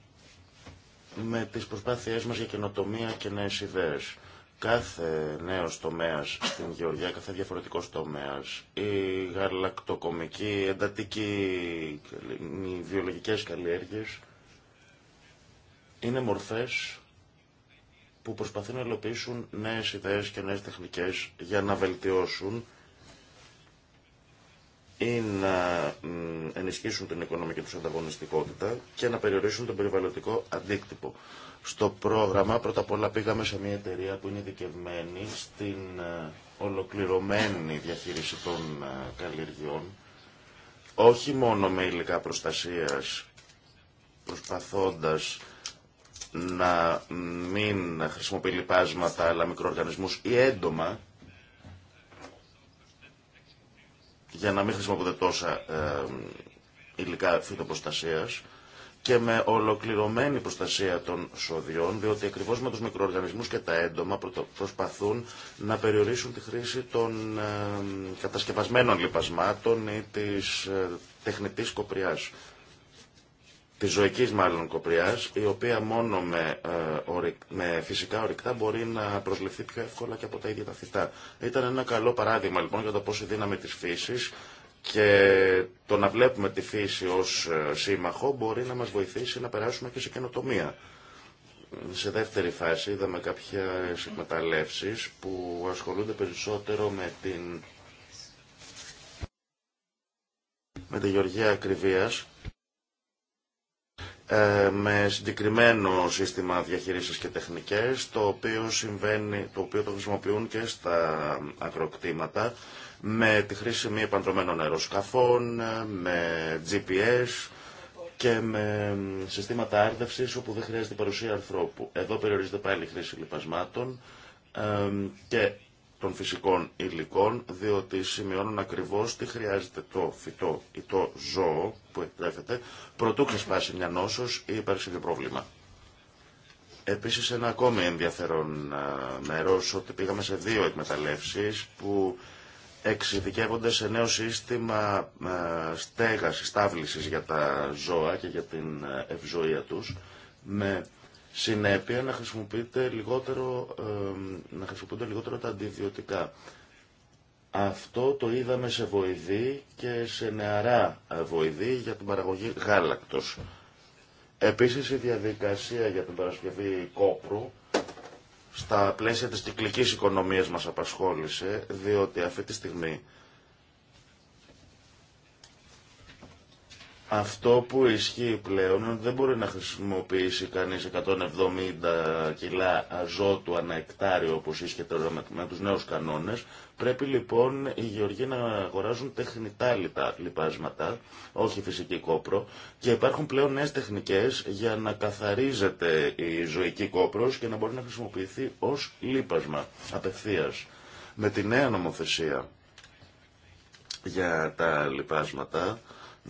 με τις προσπάθειές μας για καινοτομία και νέες ιδέες. Κάθε νέος τομέας στην Γεωργία, κάθε διαφορετικός τομέας, η γαλακτοκομική, εντατική, οι βιολογικές καλλιέργειες, είναι μορφές που προσπαθούν να υλοποιήσουν νέες ιδέες και νέες τεχνικές για να βελτιώσουν ή να ενισχύσουν την οικονομική του ανταγωνιστικότητα και να περιορίσουν τον περιβαλλοντικό αντίκτυπο. Στο πρόγραμμα πρώτα απ' όλα πήγαμε σε μια εταιρεία που είναι ειδικευμένη στην ε, ολοκληρωμένη διαχείριση των ε, καλλιεργειών, όχι μόνο με υλικά προστασίας, προσπαθώντας να μην χρησιμοποιεί λοιπάσματα αλλά μικροοργανισμούς ή έντομα, για να μην χρησιμοποιούνται τόσα υλικά φυτοπροστασίας και με ολοκληρωμένη προστασία των σωδιών, διότι ακριβώ με του μικροοργανισμούς και τα έντομα προσπαθούν να περιορίσουν τη χρήση των κατασκευασμένων λιπασμάτων ή τη ε, τεχνητή κοπριάς τη ζωική μάλλον κοπριά, η οποία μόνο ε, με, φυσικά ορυκτά μπορεί να προσληφθεί πιο εύκολα και από τα ίδια τα φυτά. Ήταν ένα καλό παράδειγμα λοιπόν για το πώ η δύναμη τη φύση και το να βλέπουμε τη φύση ω ε, σύμμαχο μπορεί να μα βοηθήσει να περάσουμε και σε καινοτομία. Σε δεύτερη φάση είδαμε κάποιε εκμεταλλεύσει που ασχολούνται περισσότερο με την με τη γεωργία ακριβίας ε, με συγκεκριμένο σύστημα διαχείρισης και τεχνικές, το οποίο, συμβαίνει, το, οποίο το χρησιμοποιούν και στα ακροκτήματα, με τη χρήση μη επανδρομένων αεροσκαφών, με GPS και με συστήματα άρδευσης όπου δεν χρειάζεται παρουσία ανθρώπου. Εδώ περιορίζεται πάλι η χρήση λιπασμάτων ε, και των φυσικών υλικών, διότι σημειώνουν ακριβώς τι χρειάζεται το φυτό ή το ζώο που εκτρέφεται, προτού ξεσπάσει μια νόσος ή υπάρξει κάποιο πρόβλημα. Επίσης ένα ακόμη ενδιαφέρον μέρος, ότι πήγαμε σε δύο εκμεταλλεύσεις που εξειδικεύονται σε νέο σύστημα στέγασης, στάβλησης για τα ζώα και για την ευζοία τους, με συνέπεια να, χρησιμοποιείται λιγότερο, να χρησιμοποιούνται λιγότερο τα αντιβιωτικά. Αυτό το είδαμε σε βοηδή και σε νεαρά βοηδή για την παραγωγή γάλακτος. Επίσης η διαδικασία για την παρασκευή κόπρου στα πλαίσια της κυκλικής οικονομίας μας απασχόλησε, διότι αυτή τη στιγμή Αυτό που ισχύει πλέον δεν μπορεί να χρησιμοποιήσει κανείς 170 κιλά αζότου ανά εκτάριο όπως ίσχυε τώρα με τους νέους κανόνες. Πρέπει λοιπόν οι γεωργοί να αγοράζουν τεχνητά λιπάσματα, όχι φυσική κόπρο και υπάρχουν πλέον νέες τεχνικές για να καθαρίζεται η ζωική κόπρος και να μπορεί να χρησιμοποιηθεί ως λίπασμα απευθείας. Με τη νέα νομοθεσία για τα λιπάσματα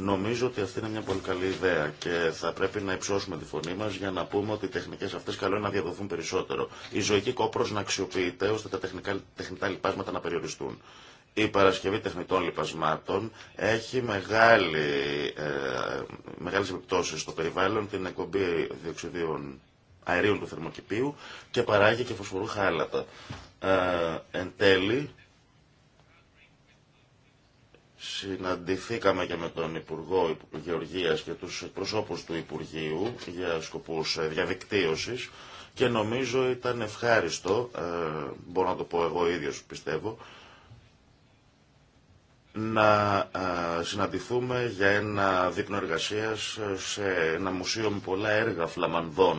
Νομίζω ότι αυτή είναι μια πολύ καλή ιδέα και θα πρέπει να υψώσουμε τη φωνή μα για να πούμε ότι οι τεχνικέ αυτέ καλό είναι να διαδοθούν περισσότερο. Η ζωική κόπρο να αξιοποιείται ώστε τα τεχνικά, τεχνητά λοιπάσματα να περιοριστούν. Η παρασκευή τεχνητών λοιπασμάτων έχει μεγάλη, ε, μεγάλες επιπτώσεις στο περιβάλλον, την εκπομπή διοξιδίων αερίων του θερμοκηπίου και παράγει και φωσφορού χάλατα. Ε, εν τέλει, Συναντηθήκαμε και με τον Υπουργό Γεωργίας και τους προσώπους του Υπουργείου για σκοπούς ε, διαδικτύωσης και νομίζω ήταν ευχάριστο, ε, μπορώ να το πω εγώ ίδιος πιστεύω, να ε, συναντηθούμε για ένα δείπνο εργασίας σε ένα μουσείο με πολλά έργα φλαμανδών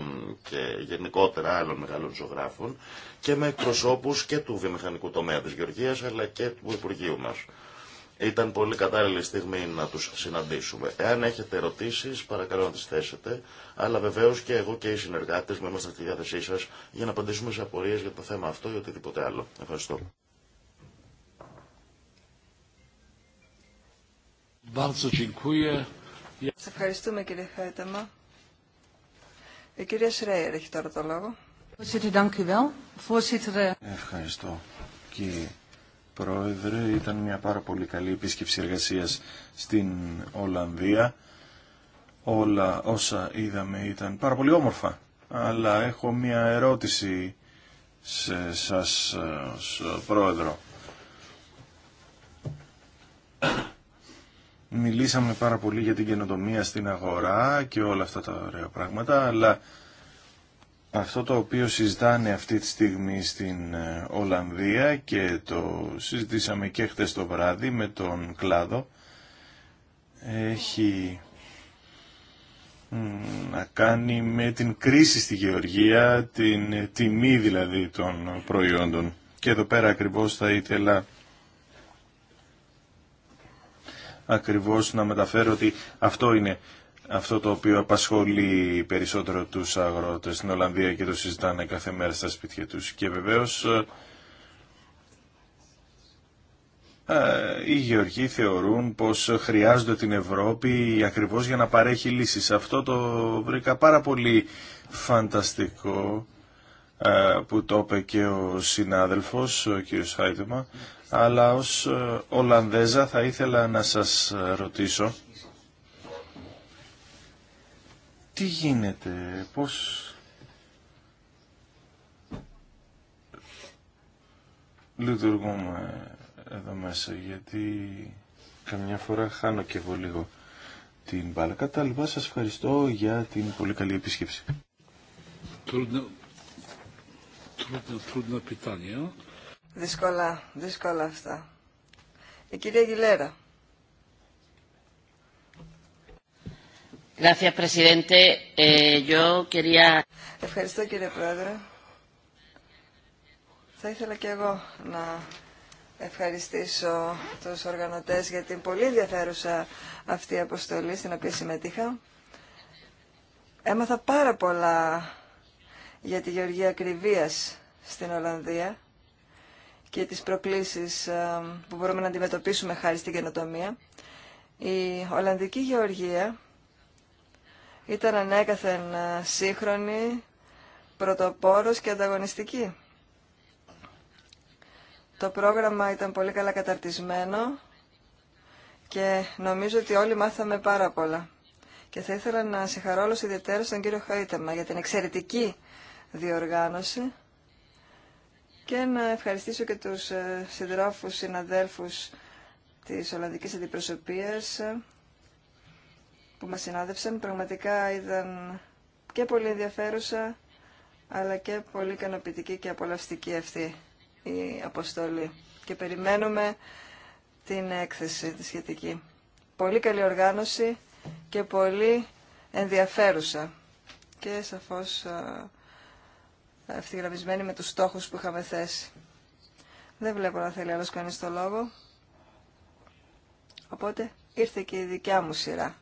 και γενικότερα άλλων μεγάλων ζωγράφων και με εκπροσώπους και του βιομηχανικού τομέα της Γεωργίας αλλά και του Υπουργείου μας. Ήταν πολύ κατάλληλη στιγμή να τους συναντήσουμε. Εάν έχετε ερωτήσεις, παρακαλώ να τις θέσετε, αλλά βεβαίως και εγώ και οι συνεργάτες μου είμαστε στη διάθεσή σας για να απαντήσουμε σε απορίες για το θέμα αυτό ή οτιδήποτε άλλο. Ευχαριστώ. Σας ευχαριστούμε κύριε Χαίταμα. Η κυρία Σρέιερ η τωρα το λόγο. Eh, Ευχαριστώ κύριε Πρόεδρε. Ήταν μια πάρα πολύ καλή επίσκεψη εργασία στην Ολλανδία. Όλα όσα είδαμε ήταν πάρα πολύ όμορφα. Αλλά έχω μια ερώτηση σε σας ε, Πρόεδρο. Μιλήσαμε πάρα πολύ για την καινοτομία στην αγορά και όλα αυτά τα ωραία πράγματα, αλλά αυτό το οποίο συζητάνε αυτή τη στιγμή στην ε, Ολλανδία και το συζητήσαμε και χτες το βράδυ με τον κλάδο έχει να κάνει με την κρίση στη γεωργία, την τιμή δηλαδή των προϊόντων. Και εδώ πέρα ακριβώς θα ήθελα ακριβώς να μεταφέρω ότι αυτό είναι αυτό το οποίο απασχολεί περισσότερο τους αγρότες στην Ολλανδία και το συζητάνε κάθε μέρα στα σπίτια τους. Και βεβαίως ε, ε, οι γεωργοί θεωρούν πως χρειάζονται την Ευρώπη ακριβώς για να παρέχει λύσεις. Αυτό το βρήκα πάρα πολύ φανταστικό ε, που το είπε και ο συνάδελφος, ο κ. Χάιτεμα, αλλά ως Ολλανδέζα θα ήθελα να σας ρωτήσω τι γίνεται, πώς λειτουργούμε εδώ μέσα, γιατί καμιά φορά χάνω και εγώ λίγο την μπάλα. Κατά λοιπά, σας ευχαριστώ για την πολύ καλή επίσκεψη. Δύσκολα, δύσκολα αυτά. Η κυρία Γιλέρα. Eh, Ευχαριστώ κύριε Πρόεδρε. Θα ήθελα και εγώ να ευχαριστήσω τους οργανωτές για την πολύ ενδιαφέρουσα αυτή αποστολή στην οποία συμμετείχα. Έμαθα πάρα πολλά για τη γεωργία ακριβίας στην Ολλανδία και τις προκλήσεις ε, που μπορούμε να αντιμετωπίσουμε χάρη στην καινοτομία. Η Ολλανδική Γεωργία ήταν ανέκαθεν ε, σύγχρονη, πρωτοπόρος και ανταγωνιστική. Το πρόγραμμα ήταν πολύ καλά καταρτισμένο και νομίζω ότι όλοι μάθαμε πάρα πολλά. Και θα ήθελα να συγχαρώ όλους ιδιαίτερα στον κύριο Χαϊτεμα για την εξαιρετική διοργάνωση και να ευχαριστήσω και τους ε, συντρόφους συναδέλφους της Ολλανδικής Αντιπροσωπείας που μας συνάδευσαν, Πραγματικά ήταν και πολύ ενδιαφέρουσα, αλλά και πολύ ικανοποιητική και απολαυστική αυτή η αποστολή. Και περιμένουμε την έκθεση τη σχετική. Πολύ καλή οργάνωση και πολύ ενδιαφέρουσα και σαφώς ευθυγραμμισμένη με τους στόχους που είχαμε θέσει. Δεν βλέπω να θέλει άλλος κανείς το λόγο. Οπότε ήρθε και η δικιά μου σειρά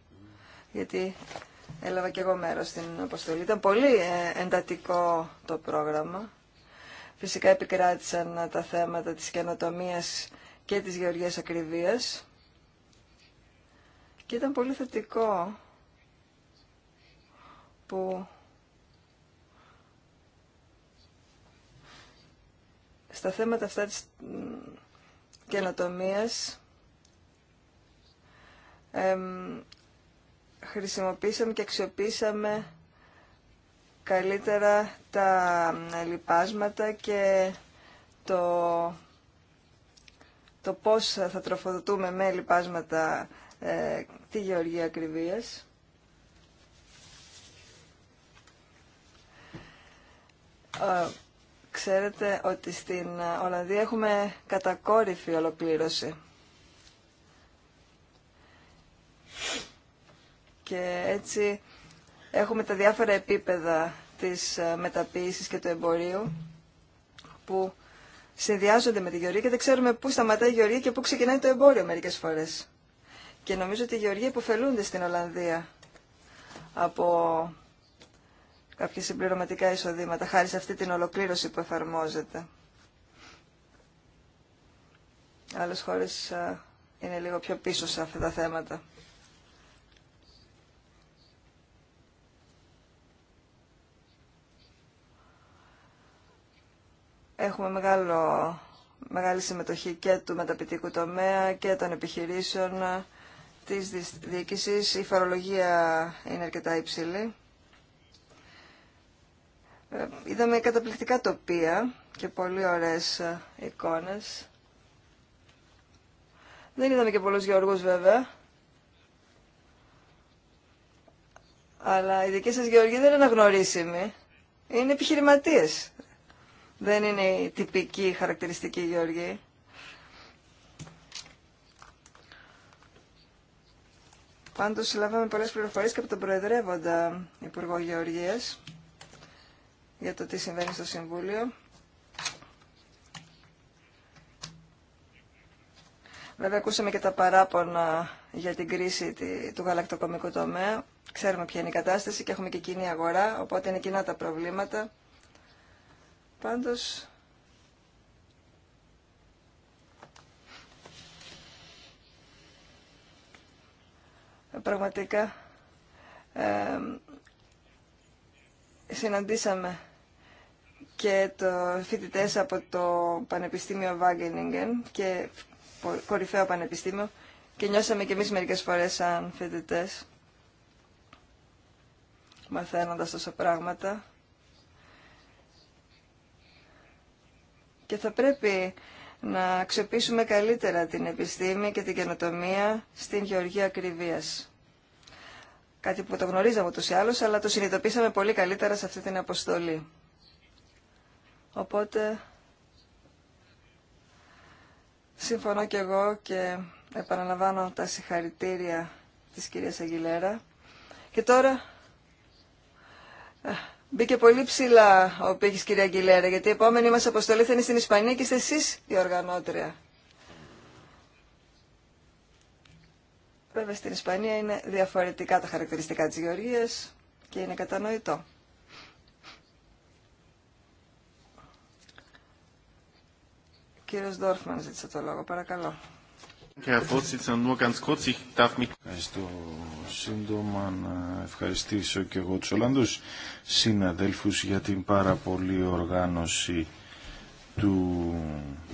γιατί έλαβα και εγώ μέρος στην αποστολή. Ήταν πολύ ε, εντατικό το πρόγραμμα. Φυσικά επικράτησαν τα θέματα της καινοτομίας και της γεωργίας ακριβίας. Και ήταν πολύ θετικό που στα θέματα αυτά της καινοτομίας χρησιμοποίησαμε και αξιοποίησαμε καλύτερα τα λιπάσματα και το, το πώς θα τροφοδοτούμε με λιπάσματα ε, τη γεωργία ακριβίας. Ε, ξέρετε ότι στην Ολλανδία έχουμε κατακόρυφη ολοκλήρωση Και έτσι έχουμε τα διάφορα επίπεδα της ε, μεταποίησης και του εμπορίου που συνδυάζονται με τη γεωργία και δεν ξέρουμε πού σταματάει η γεωργία και πού ξεκινάει το εμπόριο μερικές φορές. Και νομίζω ότι οι γεωργοί υποφελούνται στην Ολλανδία από κάποια συμπληρωματικά εισοδήματα χάρη σε αυτή την ολοκλήρωση που εφαρμόζεται. Άλλες χώρες ε, είναι λίγο πιο πίσω σε αυτά τα θέματα. έχουμε μεγάλο, μεγάλη συμμετοχή και του μεταπητικού τομέα και των επιχειρήσεων ε, της διοίκησης. Η φορολογία είναι αρκετά υψηλή. Ε, είδαμε καταπληκτικά τοπία και πολύ ωραίες ε, εικόνες. Δεν είδαμε και πολλούς Γεωργούς βέβαια. Αλλά οι δικοί σας Γεωργοί δεν είναι αναγνωρίσιμοι. Είναι επιχειρηματίες δεν είναι η τυπική χαρακτηριστική Γιώργη. Πάντως λάβαμε πολλές πληροφορίες και από τον Προεδρεύοντα Υπουργό Γεωργίας για το τι συμβαίνει στο Συμβούλιο. Βέβαια ακούσαμε και τα παράπονα για την κρίση του γαλακτοκομικού τομέα. Ξέρουμε ποια είναι η κατάσταση και έχουμε και κοινή αγορά, οπότε είναι κοινά τα προβλήματα. Πάντως, πραγματικά συναντήσαμε και το φοιτητέ από το Πανεπιστήμιο Wageningen και κορυφαίο πανεπιστήμιο και νιώσαμε και εμείς μερικές φορές σαν φοιτητέ μαθαίνοντας τόσα πράγματα και θα πρέπει να αξιοποιήσουμε καλύτερα την επιστήμη και την καινοτομία στην γεωργία ακριβίας. Κάτι που το γνωρίζαμε ούτως ή άλλως, αλλά το συνειδητοποίησαμε πολύ καλύτερα σε αυτή την αποστολή. Οπότε, συμφωνώ κι εγώ και επαναλαμβάνω τα συγχαρητήρια της κυρίας Αγγιλέρα. Και τώρα, ε, Μπήκε πολύ ψηλά ο πήγης κυρία Αγγιλέρα, γιατί η επόμενη μας αποστολή θα είναι στην Ισπανία και είστε εσείς η οργανώτρια. Βέβαια στην Ισπανία είναι διαφορετικά τα χαρακτηριστικά της γεωργίας και είναι κατανοητό. κύριος Ντόρφμαν ζήτησε το λόγο, παρακαλώ. Ευχαριστώ σύντομα να ευχαριστήσω και εγώ τους Ολλανδούς συναδέλφους για την πάρα πολύ οργάνωση του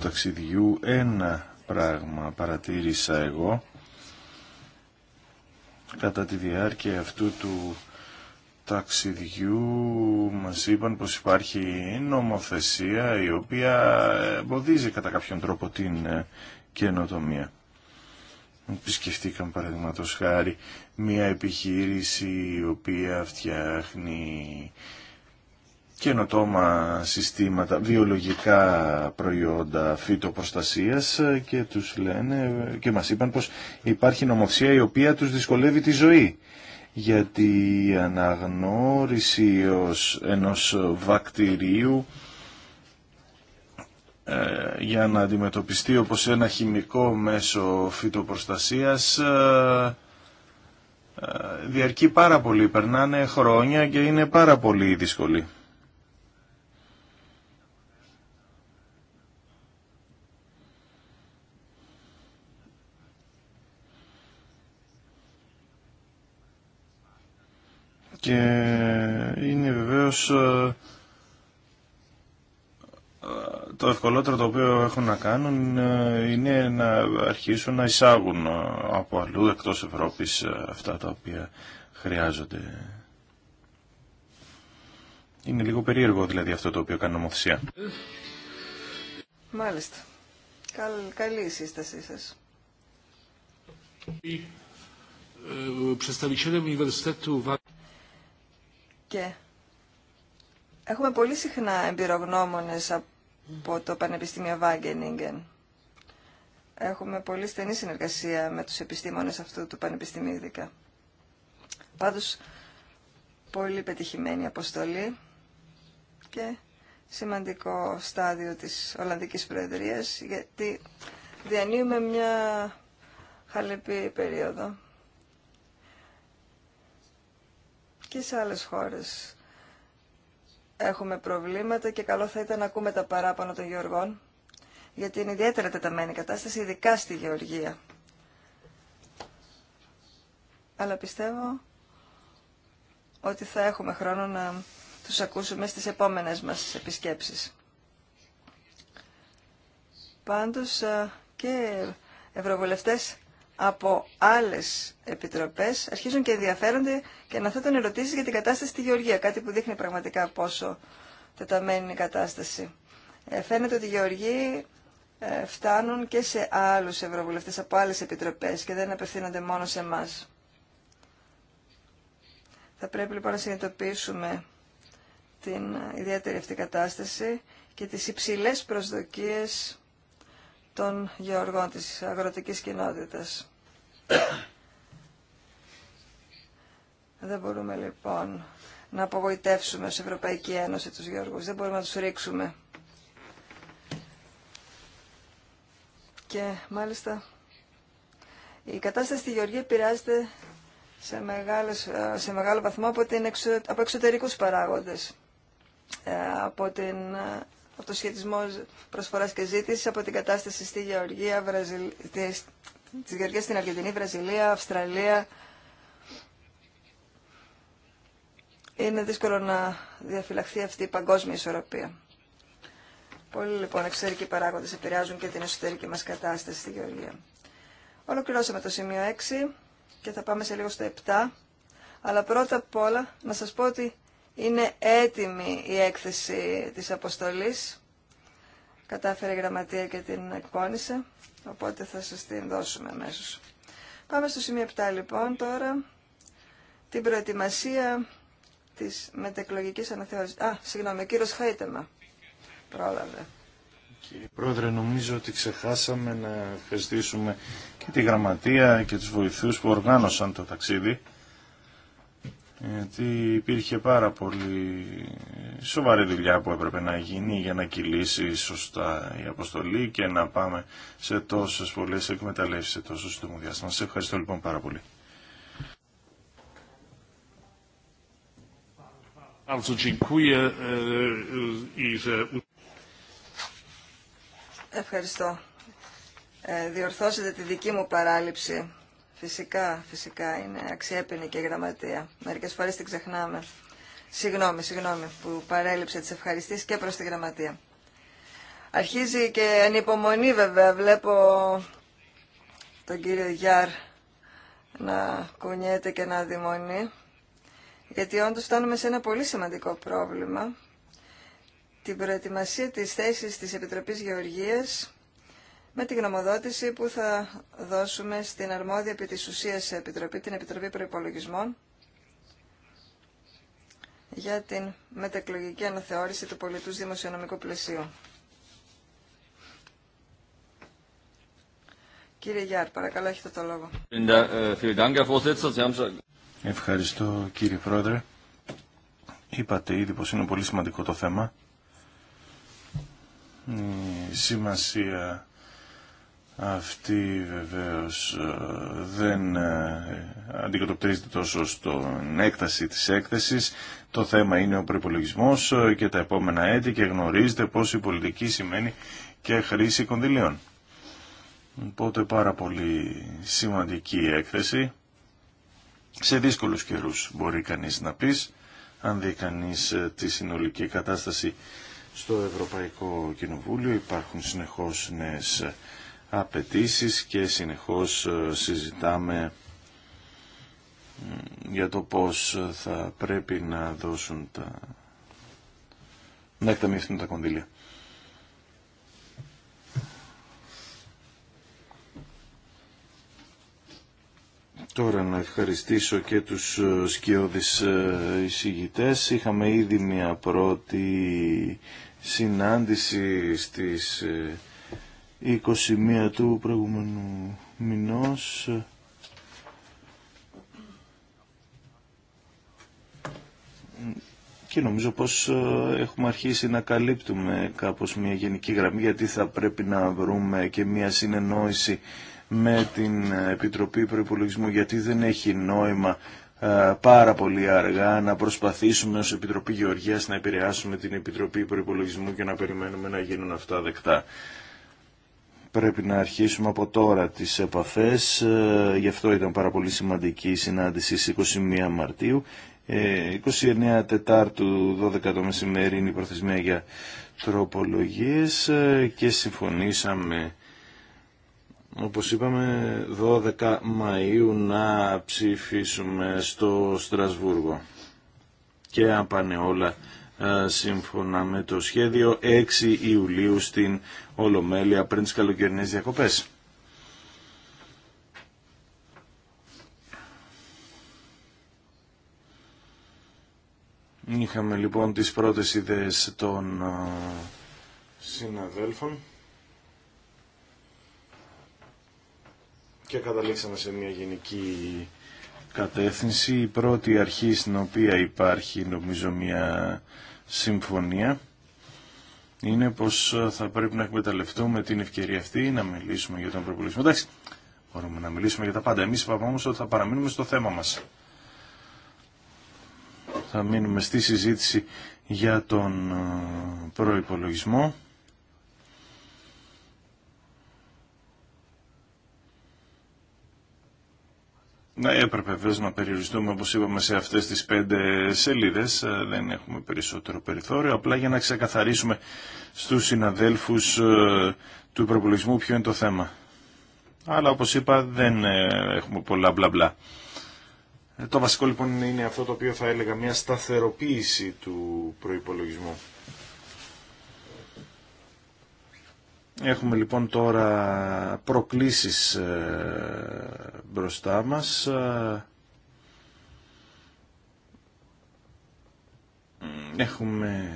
ταξιδιού. Ένα πράγμα παρατήρησα εγώ κατά τη διάρκεια αυτού του ταξιδιού μας είπαν πως υπάρχει νομοθεσία η οποία εμποδίζει κατά κάποιον τρόπο την καινοτομία. Επισκεφτήκαμε παραδείγματο χάρη μια επιχείρηση η οποία φτιάχνει καινοτόμα συστήματα, βιολογικά προϊόντα φυτοπροστασίας και τους λένε και μας είπαν πως υπάρχει νομοθεσία η οποία τους δυσκολεύει τη ζωή γιατί η αναγνώριση ενός βακτηρίου ε, για να αντιμετωπιστεί όπως ένα χημικό μέσο φυτοπροστασίας ε, ε, διαρκεί πάρα πολύ, περνάνε χρόνια και είναι πάρα πολύ δύσκολη. Και είναι βεβαίως το ευκολότερο το οποίο έχουν να κάνουν ε, είναι να αρχίσουν να εισάγουν ε, από αλλού εκτός Ευρώπης ε, αυτά τα οποία χρειάζονται. Είναι λίγο περίεργο δηλαδή αυτό το οποίο κάνει νομοθεσία. Μάλιστα. Καλή η σύστασή σας. Και έχουμε πολύ συχνά εμπειρογνώμονες από από το Πανεπιστήμιο Βάγκενίγκεν. Έχουμε πολύ στενή συνεργασία με τους επιστήμονες αυτού του Πανεπιστημίου ειδικά. Πάντως, πολύ πετυχημένη αποστολή και σημαντικό στάδιο της Ολλανδικής Προεδρίας, γιατί διανύουμε μια χαλεπή περίοδο και σε άλλες χώρες έχουμε προβλήματα και καλό θα ήταν να ακούμε τα παράπονα των γεωργών, γιατί είναι ιδιαίτερα τεταμένη η κατάσταση, ειδικά στη γεωργία. Αλλά πιστεύω ότι θα έχουμε χρόνο να τους ακούσουμε στις επόμενες μας επισκέψεις. Πάντως ε, και ευρωβουλευτές από άλλε επιτροπές αρχίζουν και ενδιαφέρονται και να θέτουν ερωτήσεις για την κατάσταση στη Γεωργία, κάτι που δείχνει πραγματικά πόσο τεταμένη είναι η κατάσταση. Ε, φαίνεται ότι οι Γεωργοί ε, φτάνουν και σε άλλου ευρωβουλευτές από άλλε επιτροπές και δεν απευθύνονται μόνο σε εμά. Θα πρέπει λοιπόν να συνειδητοποιήσουμε την ε, ιδιαίτερη αυτή κατάσταση και τις υψηλές προσδοκίες των γεωργών της αγροτικής κοινότητας. Δεν μπορούμε λοιπόν να απογοητεύσουμε ως Ευρωπαϊκή Ένωση τους γεωργούς. Δεν μπορούμε να τους ρίξουμε. Και μάλιστα η κατάσταση στη Γεωργία επηρεάζεται σε, μεγάλες, σε μεγάλο βαθμό από, την εξω, από εξωτερικούς παράγοντες. Ε, από την από το σχετισμό προσφοράς και ζήτησης, από την κατάσταση στη Γεωργία, Βραζιλ... της Γεωργίας στην Αργεντινή, Βραζιλία, Αυστραλία. Είναι δύσκολο να διαφυλαχθεί αυτή η παγκόσμια ισορροπία. Πολλοί λοιπόν εξωτερικοί παράγοντες επηρεάζουν και την εσωτερική μας κατάσταση στη Γεωργία. Ολοκληρώσαμε το σημείο 6 και θα πάμε σε λίγο στο 7. Αλλά πρώτα απ' όλα να σας πω ότι είναι έτοιμη η έκθεση της αποστολής. Κατάφερε η γραμματεία και την εκπώνησε, οπότε θα σας την δώσουμε αμέσω. Πάμε στο σημείο 7 λοιπόν τώρα, την προετοιμασία της μετεκλογικής αναθεώρησης. Α, συγγνώμη, ο κύριος Χαϊτεμα πρόλαβε. Κύριε Πρόεδρε, νομίζω ότι ξεχάσαμε να ευχαριστήσουμε και τη γραμματεία και τους βοηθούς που οργάνωσαν το ταξίδι γιατί υπήρχε πάρα πολύ σοβαρή δουλειά που έπρεπε να γίνει για να κυλήσει σωστά η αποστολή και να πάμε σε τόσες πολλές εκμεταλλεύσεις σε τόσο σύντομο διάστημα. Σε ευχαριστώ λοιπόν πάρα πολύ. E, ευχαριστώ. Ε, διορθώσετε τη δική μου παράληψη Φυσικά, φυσικά είναι αξιέπαινη και η γραμματεία. Μερικές φορές την ξεχνάμε. Συγγνώμη, συγγνώμη που παρέλειψε τις ευχαριστήσεις και προς τη γραμματεία. Αρχίζει και ανυπομονή βέβαια. Βλέπω τον κύριο Γιάρ να κουνιέται και να αδειμονεί. Γιατί όντως φτάνουμε σε ένα πολύ σημαντικό πρόβλημα. Την προετοιμασία της θέσης της Επιτροπής Γεωργίας με τη γνωμοδότηση που θα δώσουμε στην αρμόδια επί της ουσίας επιτροπή, την Επιτροπή Προϋπολογισμών, για την μετακλογική αναθεώρηση του πολιτού δημοσιονομικού πλαισίου. Κύριε Γιάρ, παρακαλώ, έχετε το λόγο. Ε, Ευχαριστώ, κύριε Πρόεδρε. Είπατε ήδη πως είναι πολύ σημαντικό το θέμα. Η σημασία αυτή βεβαίως ε, δεν ε, αντικατοπτρίζεται τόσο στον έκταση της έκθεσης. Το θέμα είναι ο προπολογισμό ε, και τα επόμενα έτη και γνωρίζετε πως η πολιτική σημαίνει και χρήση κονδυλίων. Οπότε πάρα πολύ σημαντική έκθεση. Σε δύσκολους καιρούς μπορεί κανείς να πεις, αν δει κανείς τη συνολική κατάσταση στο Ευρωπαϊκό Κοινοβούλιο, υπάρχουν συνεχώς νέες απαιτήσει και συνεχώς ε, συζητάμε για το πώς θα πρέπει να δώσουν τα... να εκταμιευτούν τα κονδύλια. Τώρα να ευχαριστήσω και τους ε, σκιώδεις ε, εισηγητές. Είχαμε ήδη μια πρώτη συνάντηση στις 21 του προηγούμενου μηνός. Και νομίζω πως ε, έχουμε αρχίσει να καλύπτουμε κάπως μια γενική γραμμή γιατί θα πρέπει να βρούμε και μια συνεννόηση με την Επιτροπή Προϋπολογισμού γιατί δεν έχει νόημα ε, πάρα πολύ αργά να προσπαθήσουμε ως Επιτροπή Γεωργίας να επηρεάσουμε την Επιτροπή Προϋπολογισμού και να περιμένουμε να γίνουν αυτά δεκτά πρέπει να αρχίσουμε από τώρα τις επαφές. Ε, γι' αυτό ήταν πάρα πολύ σημαντική η συνάντηση στις 21 Μαρτίου. 29 ε, Τετάρτου 12 το μεσημέρι είναι η προθεσμία για τροπολογίες ε, και συμφωνήσαμε όπως είπαμε 12 Μαΐου να ψηφίσουμε στο Στρασβούργο και αν πάνε όλα ε, σύμφωνα με το σχέδιο 6 Ιουλίου στην Ολομέλεια πριν τις καλοκαιρινές διακοπές. Είχαμε λοιπόν τις πρώτες ιδέες των ε, συναδέλφων και καταλήξαμε σε μια γενική κατεύθυνση. Η πρώτη αρχή στην οποία υπάρχει νομίζω μια συμφωνία είναι πως θα πρέπει να εκμεταλλευτούμε την ευκαιρία αυτή να μιλήσουμε για τον προπολογισμό. Εντάξει, μπορούμε να μιλήσουμε για τα πάντα. Εμείς είπαμε όμως ότι θα παραμείνουμε στο θέμα μας. Θα μείνουμε στη συζήτηση για τον ε, προϋπολογισμό Ναι, έπρεπε βέβαια να περιοριστούμε όπως είπαμε σε αυτές τις πέντε σελίδες, ε, δεν έχουμε περισσότερο περιθώριο, απλά για να ξεκαθαρίσουμε στους συναδέλφους ε, του προπολογισμού ποιο είναι το θέμα. Αλλά όπως είπα δεν ε, έχουμε πολλά μπλα μπλα. Το βασικό λοιπόν είναι αυτό το οποίο θα έλεγα μια σταθεροποίηση του προϋπολογισμού. Έχουμε λοιπόν τώρα προκλήσεις ε, μπροστά μας. Ε, έχουμε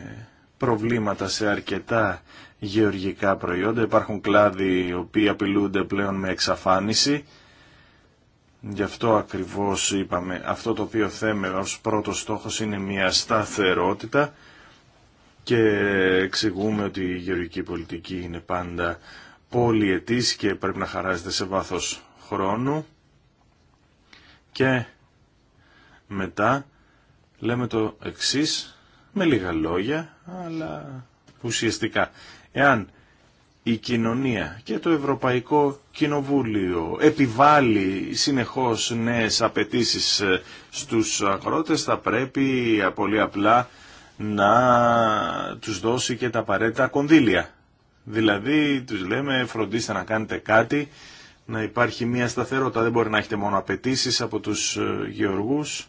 προβλήματα σε αρκετά γεωργικά προϊόντα. Υπάρχουν κλάδοι οι οποίοι απειλούνται πλέον με εξαφάνιση. Γι' αυτό ακριβώς είπαμε αυτό το οποίο θέμε ως πρώτος στόχος είναι μια σταθερότητα και εξηγούμε ότι η γεωργική πολιτική είναι πάντα πολυετής και πρέπει να χαράζεται σε βάθος χρόνου και μετά λέμε το εξής με λίγα λόγια αλλά ουσιαστικά εάν η κοινωνία και το Ευρωπαϊκό Κοινοβούλιο επιβάλλει συνεχώς νέες απαιτήσεις ε, στους αγρότες θα πρέπει πολύ απλά να τους δώσει και τα απαραίτητα κονδύλια. Δηλαδή τους λέμε φροντίστε να κάνετε κάτι, να υπάρχει μια σταθερότητα. Δεν μπορεί να έχετε μόνο απαιτήσει από τους ε, γεωργούς.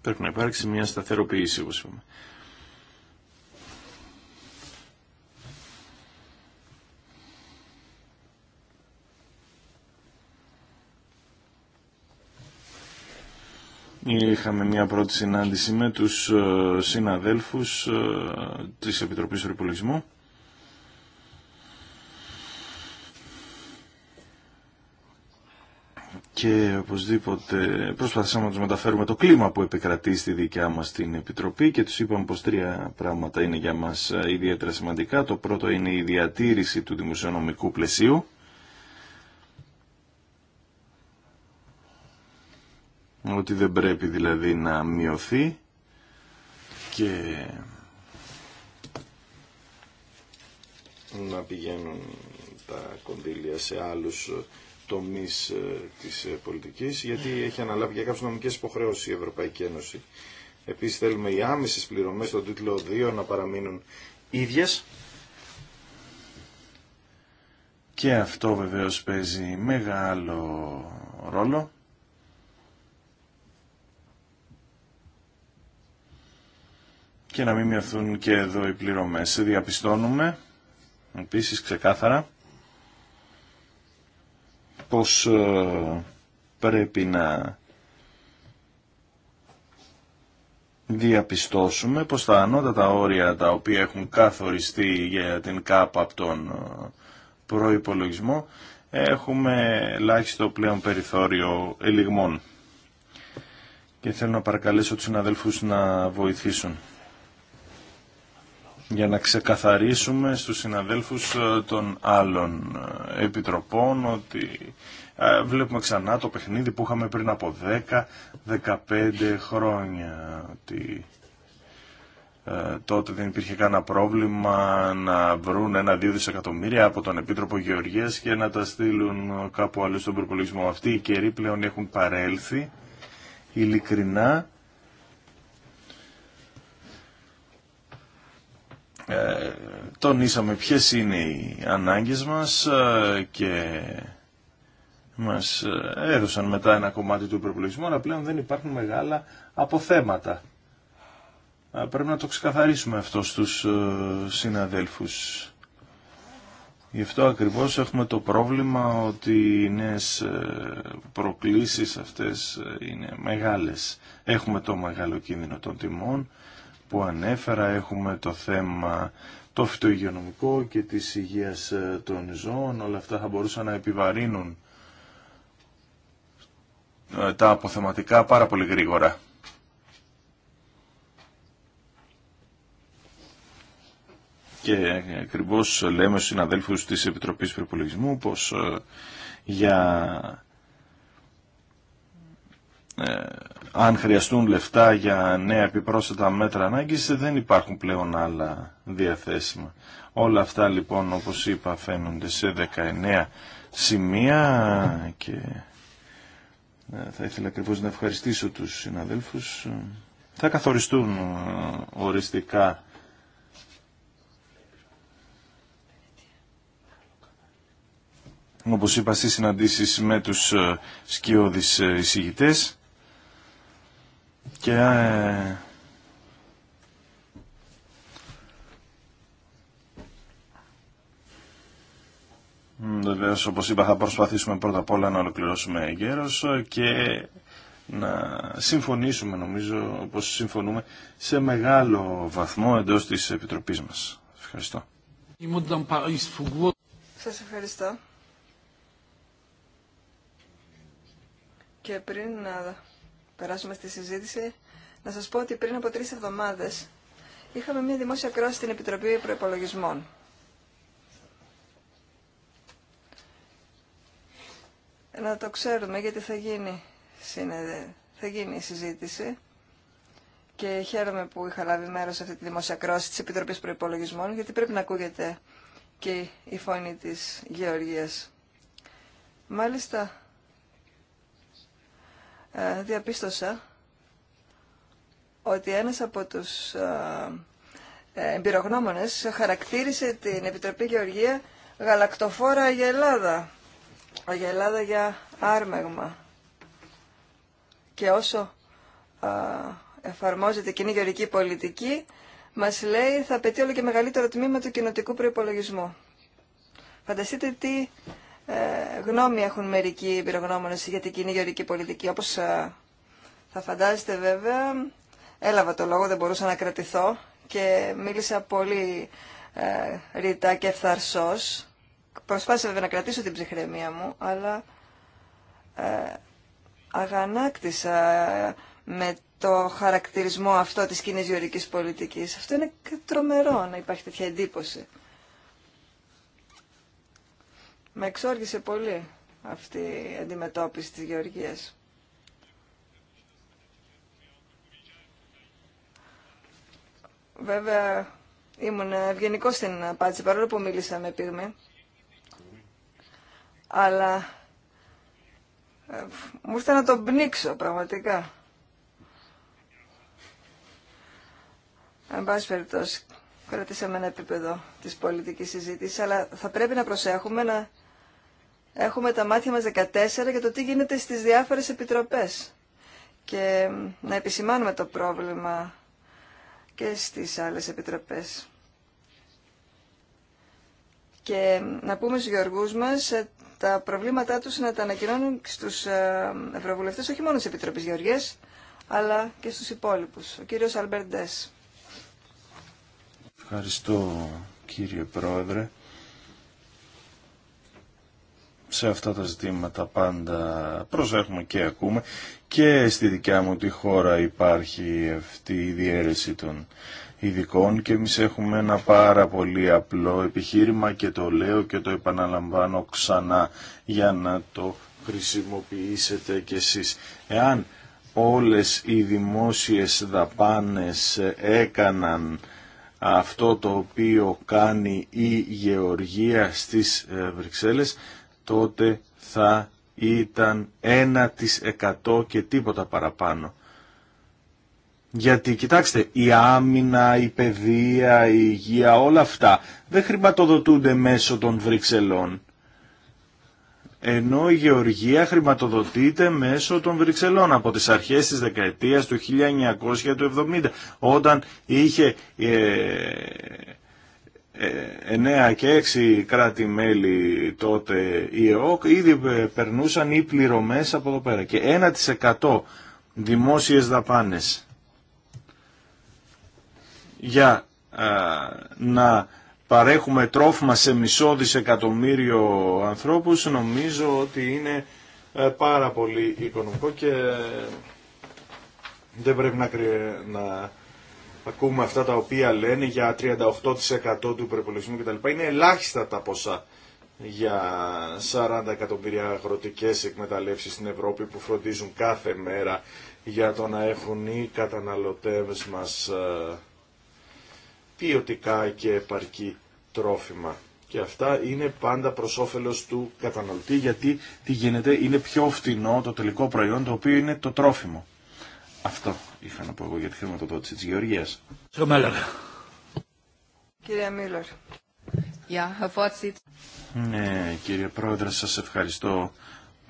Πρέπει να υπάρξει μια σταθεροποίηση όπως είπαμε. Είχαμε μια πρώτη συνάντηση με τους ε, συναδέλφους ε, της Επιτροπής υπολογισμού. και οπωσδήποτε προσπαθήσαμε να τους μεταφέρουμε το κλίμα που επικρατεί στη δικιά μας την Επιτροπή και τους είπαμε πως τρία πράγματα είναι για μας ε, ιδιαίτερα σημαντικά. Το πρώτο είναι η διατήρηση του δημοσιονομικού πλαισίου ότι δεν πρέπει δηλαδή να μειωθεί και να πηγαίνουν τα κονδύλια σε άλλους τομείς ε, της ε, πολιτικής, γιατί έχει αναλάβει για κάποιες νομικές υποχρεώσεις η Ευρωπαϊκή Ένωση. Επίσης θέλουμε οι άμεσες πληρωμές στον τίτλο 2 να παραμείνουν ίδιες. Και αυτό βεβαίως παίζει μεγάλο ρόλο. και να μην μειωθούν και εδώ οι πληρωμές. Διαπιστώνουμε επίσης ξεκάθαρα πως ε, πρέπει να διαπιστώσουμε πως τα ανώτατα όρια τα οποία έχουν καθοριστεί για την ΚΑΠ από τον ε, προϋπολογισμό έχουμε ελάχιστο πλέον περιθώριο ελιγμών. Και θέλω να παρακαλέσω τους συναδελφούς να βοηθήσουν για να ξεκαθαρίσουμε στους συναδέλφους ε, των άλλων ε, επιτροπών ότι ε, βλέπουμε ξανά το παιχνίδι που είχαμε πριν από 10-15 χρόνια ότι τότε δεν υπήρχε κανένα πρόβλημα να βρουν ένα-δύο δισεκατομμύρια από τον Επίτροπο Γεωργίας και να τα στείλουν κάπου αλλού στον προπολογισμό. Αυτοί οι καιροί πλέον έχουν παρέλθει ειλικρινά Ε, τονίσαμε ποιες είναι οι ανάγκες μας ε, και μας ε, έδωσαν μετά ένα κομμάτι του προπολογισμού, αλλά πλέον δεν υπάρχουν μεγάλα αποθέματα. Πρέπει να το ξεκαθαρίσουμε αυτό στους συναδέλφους. Γι' αυτό ακριβώς έχουμε το πρόβλημα ότι οι νέες προκλήσεις αυτές είναι μεγάλες. Έχουμε το μεγάλο κίνδυνο των τιμών, που ανέφερα. Έχουμε το θέμα το φυτοϊγειονομικό και της υγείας ε, των ζώων. Όλα αυτά θα μπορούσαν να επιβαρύνουν ε, τα αποθεματικά πάρα πολύ γρήγορα. Και ακριβώ λέμε στους συναδέλφους της Επιτροπής Προπολογισμού πως ε, για αν χρειαστούν λεφτά για νέα επιπρόσθετα μέτρα ανάγκης δεν υπάρχουν πλέον άλλα διαθέσιμα. Όλα αυτά λοιπόν όπως είπα φαίνονται σε 19 σημεία και ε, θα ήθελα ακριβώ να ευχαριστήσω τους συναδέλφους. Θα καθοριστούν ε, οριστικά όπως είπα στις συναντήσεις με τους ε, σκιώδεις εισηγητές και ε, Βεβαίω, όπω είπα, θα προσπαθήσουμε πρώτα απ' όλα να ολοκληρώσουμε γέρο. και να συμφωνήσουμε, νομίζω, όπω συμφωνούμε, σε μεγάλο βαθμό εντό τη Επιτροπή μα. Ευχαριστώ. Σα ευχαριστώ. Και πριν να περάσουμε στη συζήτηση, να σας πω ότι πριν από τρεις εβδομάδες είχαμε μια δημόσια κρόση στην Επιτροπή Προϋπολογισμών. Να το ξέρουμε γιατί θα γίνει, θα γίνει η συζήτηση και χαίρομαι που είχα λάβει μέρος σε αυτή τη δημόσια κρόση της Επιτροπής Προϋπολογισμών γιατί πρέπει να ακούγεται και η φωνή της Γεωργίας. Μάλιστα, ε, διαπίστωσα ότι ένας από τους ε, ε, εμπειρογνώμονες χαρακτήρισε την Επιτροπή Γεωργία γαλακτοφόρα για Ελλάδα, για Ελλάδα για άρμεγμα. Και όσο εφαρμόζεται κοινή γεωργική πολιτική, μας λέει θα απαιτεί όλο και μεγαλύτερο τμήμα του κοινοτικού προϋπολογισμού. Φανταστείτε τι ε, γνώμη έχουν μερικοί εμπειρογνώμονες για την κοινή γεωρική πολιτική. Όπως ε, θα φαντάζεστε βέβαια, έλαβα το λόγο, δεν μπορούσα να κρατηθώ και μίλησα πολύ ε, ρητά και φθαρσός. Προσπάθησα βέβαια να κρατήσω την ψυχραιμία μου, αλλά ε, αγανάκτησα με το χαρακτηρισμό αυτό της κοινής γεωρικής πολιτικής. Αυτό είναι τρομερό να υπάρχει τέτοια εντύπωση. Με εξόργησε πολύ αυτή η αντιμετώπιση της Γεωργίας. Βέβαια, ήμουν ευγενικό στην απάντηση, παρόλο που μίλησα με πυγμή. Αλλά ε, μου ήρθε να τον πνίξω, πραγματικά. Εν πάση περιπτώσει, κρατήσαμε ένα επίπεδο της πολιτικής συζήτησης, αλλά θα πρέπει να προσέχουμε να έχουμε τα μάτια μας 14 για το τι γίνεται στις διάφορες επιτροπές και να επισημάνουμε το πρόβλημα και στις άλλες επιτροπές. Και να πούμε στους γεωργούς μας ε, τα προβλήματά τους να τα ανακοινώνουν στους ε, ευρωβουλευτές, όχι μόνο στις Επιτροπές Γεωργίας, αλλά και στους υπόλοιπους. Ο κύριος Αλμπερντές. Ευχαριστώ κύριε Πρόεδρε σε αυτά τα ζητήματα πάντα προσέχουμε και ακούμε και στη δικιά μου τη χώρα υπάρχει αυτή η διαίρεση των ειδικών και εμεί έχουμε ένα πάρα πολύ απλό επιχείρημα και το λέω και το επαναλαμβάνω ξανά για να το χρησιμοποιήσετε κι εσείς. Εάν όλες οι δημόσιες δαπάνες έκαναν αυτό το οποίο κάνει η γεωργία στις ε, Βρυξέλλες τότε θα ήταν ένα εκατό και τίποτα παραπάνω. Γιατί, κοιτάξτε, η άμυνα, η παιδεία, η υγεία, όλα αυτά δεν χρηματοδοτούνται μέσω των Βρυξελών. Ενώ η γεωργία χρηματοδοτείται μέσω των Βρυξελών από τις αρχές της δεκαετίας του 1970, όταν είχε... Ε, 9 ε, και 6 κράτη-μέλη τότε η ΕΟΚ ήδη ε, περνούσαν οι πληρωμές από εδώ πέρα και 1% δημόσιες δαπάνες για ε, να παρέχουμε τρόφιμα σε μισό δισεκατομμύριο ανθρώπους νομίζω ότι είναι πάρα πολύ οικονομικό και δεν πρέπει να, να ακούμε αυτά τα οποία λένε για 38% του προπολογισμού κτλ. Είναι ελάχιστα τα ποσά για 40 εκατομμύρια αγροτικές εκμεταλλεύσεις στην Ευρώπη που φροντίζουν κάθε μέρα για το να έχουν οι καταναλωτές μας ε, ποιοτικά και επαρκή τρόφιμα. Και αυτά είναι πάντα προ όφελο του καταναλωτή γιατί τι γίνεται, είναι πιο φτηνό το τελικό προϊόν το οποίο είναι το τρόφιμο. Αυτό είχα να πω εγώ για τη χρηματοδότηση της Γεωργίας. Κύριε Ναι, κύριε Πρόεδρε, σας ευχαριστώ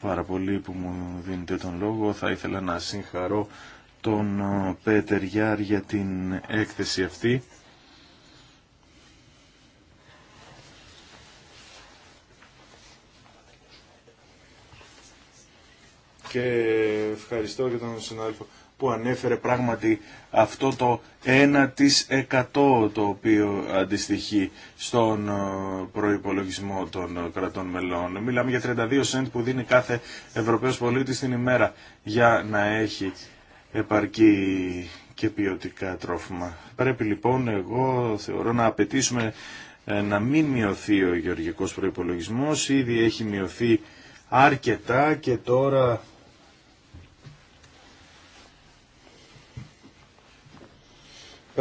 πάρα πολύ που μου δίνετε τον λόγο. Θα ήθελα να συγχαρώ τον ε, Πέτερ Γιάρ για την έκθεση αυτή. Και ευχαριστώ και τον συνάδελφο που ανέφερε πράγματι αυτό το 1% το οποίο αντιστοιχεί στον ε, προϋπολογισμό των ε, κρατών μελών. Μιλάμε για 32 cent που δίνει κάθε Ευρωπαίος πολίτης την ημέρα για να έχει επαρκή και ποιοτικά τρόφιμα. Πρέπει λοιπόν εγώ θεωρώ να απαιτήσουμε ε, να μην μειωθεί ο γεωργικός προϋπολογισμός. Ήδη έχει μειωθεί αρκετά και τώρα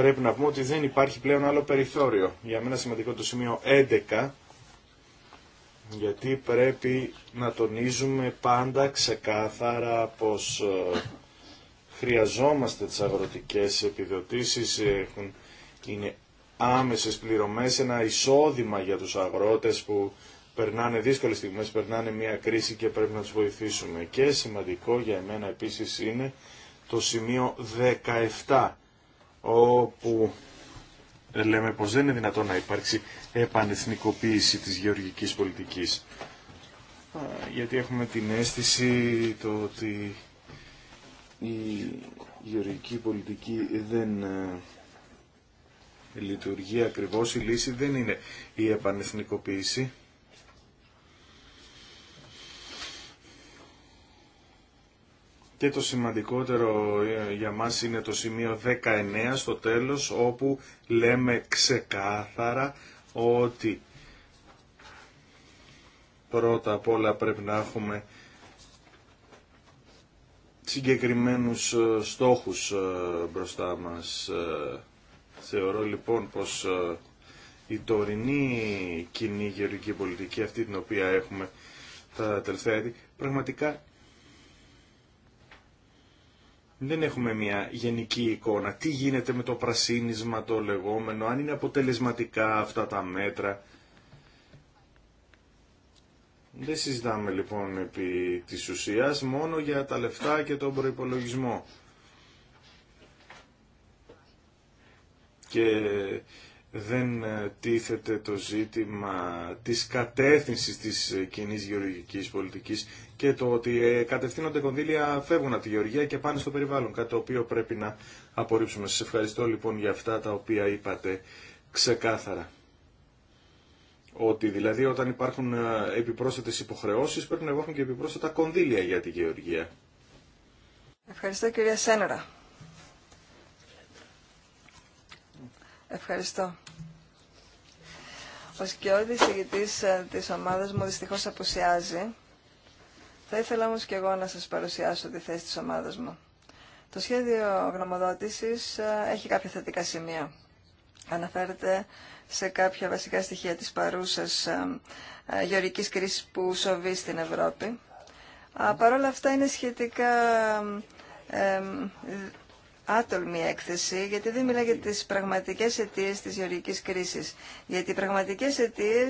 πρέπει να πούμε ότι δεν υπάρχει πλέον άλλο περιθώριο. Για μένα σημαντικό το σημείο 11, γιατί πρέπει να τονίζουμε πάντα ξεκάθαρα πως ε, χρειαζόμαστε τις αγροτικές επιδοτήσεις, έχουν, είναι άμεσες πληρωμές, ένα εισόδημα για τους αγρότες που περνάνε δύσκολες στιγμές, περνάνε μια κρίση και πρέπει να τους βοηθήσουμε. Και σημαντικό για εμένα επίσης είναι το σημείο 17 όπου ε, λέμε πως δεν είναι δυνατόν να υπάρξει επανεθνικοποίηση της γεωργικής πολιτικής. Γιατί έχουμε την αίσθηση το ότι η γεωργική πολιτική δεν ε, λειτουργεί ακριβώς. Η λύση δεν είναι η επανεθνικοποίηση. Και το σημαντικότερο ε, για μας είναι το σημείο 19 στο τέλος όπου λέμε ξεκάθαρα ότι πρώτα απ' όλα πρέπει να έχουμε συγκεκριμένους ε, στόχους ε, μπροστά μας. Θεωρώ λοιπόν πως η τωρινή κοινή γεωργική πολιτική αυτή την οποία έχουμε τα τελευταία έτη πραγματικά δεν έχουμε μια γενική εικόνα. Τι γίνεται με το πρασίνισμα το λεγόμενο, αν είναι αποτελεσματικά αυτά τα μέτρα. Δεν συζητάμε λοιπόν επί της ουσίας μόνο για τα λεφτά και τον προϋπολογισμό. Και δεν ε, τίθεται το ζήτημα της κατεύθυνσης της ε, κοινή γεωργικής πολιτικής και το ότι ε, κατευθύνονται κονδύλια φεύγουν από τη γεωργία και πάνε στο περιβάλλον, κάτι το οποίο πρέπει να απορρίψουμε. Σας ευχαριστώ λοιπόν για αυτά τα οποία είπατε ξεκάθαρα. Ότι δηλαδή όταν υπάρχουν επιπρόσθετες υποχρεώσεις πρέπει να υπάρχουν και επιπρόσθετα κονδύλια για τη γεωργία. Ευχαριστώ κυρία Σένερα. Ευχαριστώ. Ο σκιώδη ηγητή ε, της ομάδα μου δυστυχώ απουσιάζει. Θα ήθελα όμω και εγώ να σας παρουσιάσω τη θέση τη ομάδα μου. Το σχέδιο γνωμοδότησης ε, έχει κάποια θετικά σημεία. Αναφέρεται σε κάποια βασικά στοιχεία της παρούσας ε, γεωρικής κρίσης που σοβεί στην Ευρώπη. Παρ' όλα αυτά είναι σχετικά άτολμη έκθεση, γιατί δεν μιλά για τι πραγματικέ αιτίε τη γεωργική κρίση. Γιατί οι πραγματικέ αιτίε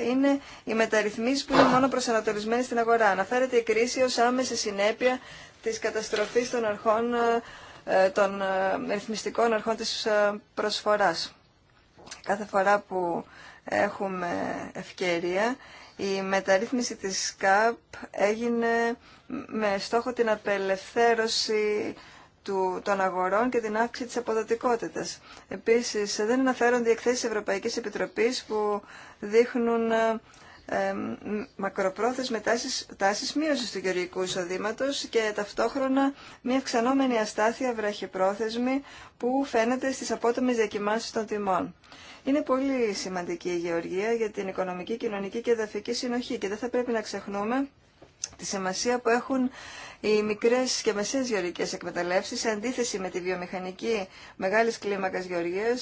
ε, είναι οι μεταρρυθμίσει που είναι μόνο προσανατολισμένε στην αγορά. Αναφέρεται η κρίση ω άμεση συνέπεια της καταστροφή των αρχών ε, ε, των ρυθμιστικών αρχών της προσφοράς. Κάθε φορά που έχουμε ευκαιρία, η μεταρρύθμιση της ΚΑΠ έγινε με στόχο την απελευθέρωση του, των αγορών και την αύξηση της αποδοτικότητας. Επίσης, δεν αναφέρονται οι εκθέσεις Ευρωπαϊκής Επιτροπής που δείχνουν ε, μακροπρόθεσμε τάσεις, τάσεις μείωσης του γεωργικού εισοδήματο και ταυτόχρονα μια αυξανόμενη αστάθεια βραχυπρόθεσμη που φαίνεται στις απότομες διακοιμάνσεις των τιμών. Είναι πολύ σημαντική η γεωργία για την οικονομική, κοινωνική και εδαφική συνοχή και δεν θα πρέπει να ξεχνούμε τη σημασία που έχουν οι μικρές και μεσαίες γεωργικέ εκμεταλλεύσεις σε αντίθεση με τη βιομηχανική μεγάλης κλίμακας γεωργία,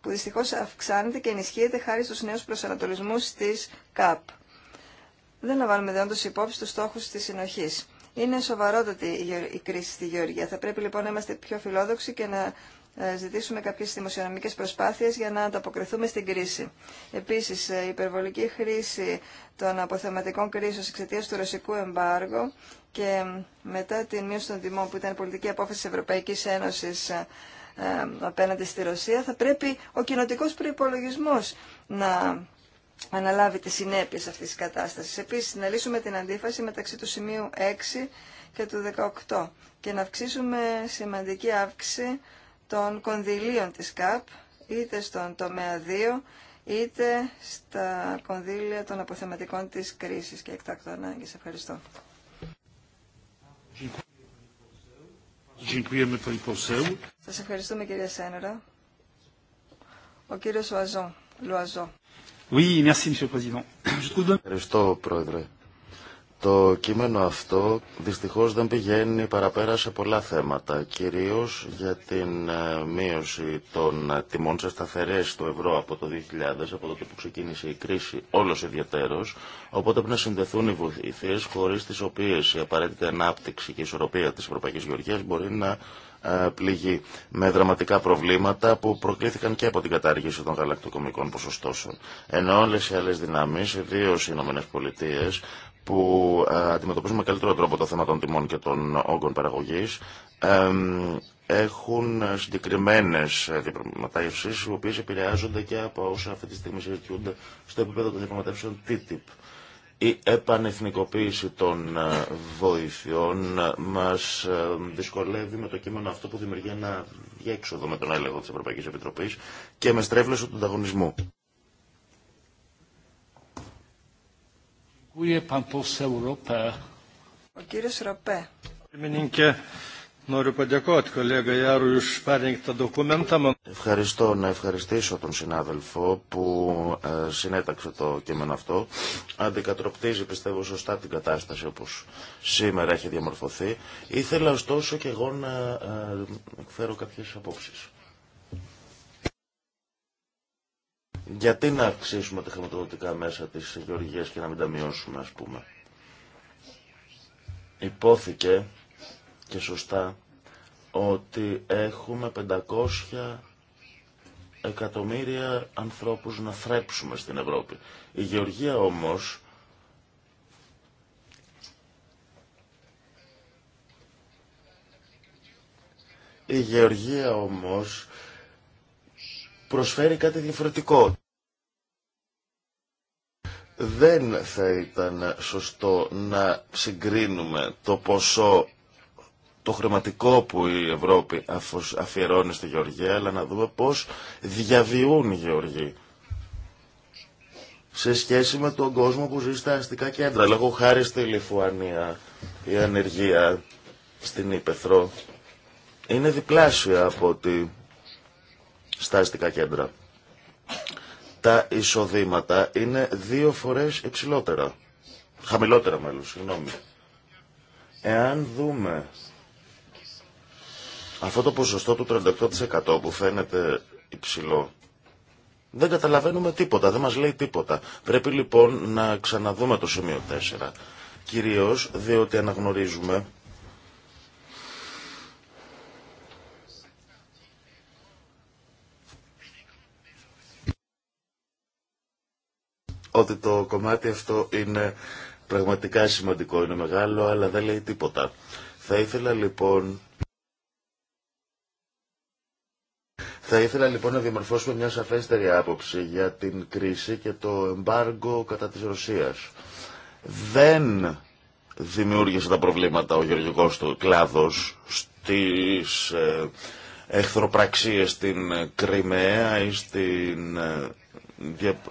που δυστυχώ αυξάνεται και ενισχύεται χάρη στους νέους προσανατολισμού τη ΚΑΠ. Δεν λαμβάνουμε δεόντως υπόψη του στόχου της συνοχής. Είναι σοβαρότατη η κρίση στη γεωργία. Θα πρέπει λοιπόν να είμαστε πιο φιλόδοξοι και να ε, ζητήσουμε κάποιες δημοσιονομικές προσπάθειες για να ανταποκριθούμε στην κρίση. Επίσης, ε, η υπερβολική χρήση των αποθεματικών κρίσεων εξαιτία του ρωσικού εμπάργου και ε, μετά την μείωση των τιμών που ήταν η πολιτική απόφαση της Ευρωπαϊκής Ένωσης απέναντι στη Ρωσία, θα πρέπει ο κοινοτικό προπολογισμό να αναλάβει τις συνέπειες αυτής της κατάστασης. Επίσης, να λύσουμε την αντίφαση μεταξύ του σημείου 6 και του 18 και να αυξήσουμε σημαντική αύξηση των κονδυλίων της ΚΑΠ, είτε στον τομέα 2, είτε στα κονδύλια των αποθεματικών της κρίσης και εκτάκτων ανάγκης. Ευχαριστώ. Σας ευχαριστούμε κυρία Σένερα. Ο κύριος Λουαζό. Oui, merci, Monsieur Ευχαριστώ, Πρόεδρε. Το κείμενο αυτό δυστυχώς δεν πηγαίνει παραπέρα σε πολλά θέματα, κυρίως για την ε, μείωση των ε, τιμών σε σταθερές του ευρώ από το 2000, από το που ξεκίνησε η κρίση όλος ιδιαίτερος, οπότε πρέπει να συνδεθούν οι βοηθείες χωρίς τις οποίες η απαραίτητη ανάπτυξη και η ισορροπία της Ευρωπαϊκής Γεωργίας μπορεί να ε, πληγεί με δραματικά προβλήματα που προκλήθηκαν και από την κατάργηση των γαλακτοκομικών ποσοστώσεων. Ενώ όλε οι άλλε δυνάμει, ιδίω οι Ηνωμένε Πολιτείες, που ε, αντιμετωπίζουμε με καλύτερο τρόπο το θέμα των τιμών και των όγκων παραγωγής έχουν συγκεκριμένες διαπραγματεύσει, οι οποίες επηρεάζονται και από όσα αυτή τη στιγμή συζητιούνται στο επίπεδο των διαπραγματεύσεων TTIP. Η επανεθνικοποίηση των ε, βοηθειών ε, μας δυσκολεύει με το κείμενο αυτό που δημιουργεί ένα διέξοδο με τον έλεγχο της Ευρωπαϊκής Επιτροπής και με στρέβλωση του ανταγωνισμού. Ευχαριστώ να ευχαριστήσω τον συνάδελφο που ε, συνέταξε το κείμενο αυτό. Αντικατροπτίζει πιστεύω σωστά την κατάσταση όπως σήμερα έχει διαμορφωθεί. Ήθελα ωστόσο και εγώ να ε, ε, εκφέρω κάποιες απόψεις. Γιατί να αυξήσουμε τα χρηματοδοτικά μέσα της γεωργίας και να μην τα μειώσουμε, ας πούμε. Υπόθηκε και σωστά ότι έχουμε 500 εκατομμύρια ανθρώπους να θρέψουμε στην Ευρώπη. Η γεωργία όμως η γεωργία όμως προσφέρει κάτι διαφορετικό δεν θα ήταν σωστό να συγκρίνουμε το ποσό το χρηματικό που η Ευρώπη αφιερώνει στη Γεωργία, αλλά να δούμε πώς διαβιούν οι Γεωργοί σε σχέση με τον κόσμο που ζει στα αστικά κέντρα. Λέγω χάρη στη Λιφουανία η ανεργία στην Ήπεθρο είναι διπλάσια από ότι στα αστικά κέντρα τα εισοδήματα είναι δύο φορές υψηλότερα. Χαμηλότερα μάλλον, συγγνώμη. Εάν δούμε αυτό το ποσοστό του 38% που φαίνεται υψηλό, δεν καταλαβαίνουμε τίποτα, δεν μας λέει τίποτα. Πρέπει λοιπόν να ξαναδούμε το σημείο 4. Κυρίως διότι αναγνωρίζουμε ότι το κομμάτι αυτό είναι πραγματικά σημαντικό, είναι μεγάλο, αλλά δεν λέει τίποτα. Θα ήθελα λοιπόν... Θα ήθελα λοιπόν να διαμορφώσουμε μια σαφέστερη άποψη για την κρίση και το εμπάργκο κατά της Ρωσίας. Δεν δημιούργησε τα προβλήματα ο γεωργικός του κλάδος στις ε, εχθροπραξίες στην Κρυμαία ή στην ε,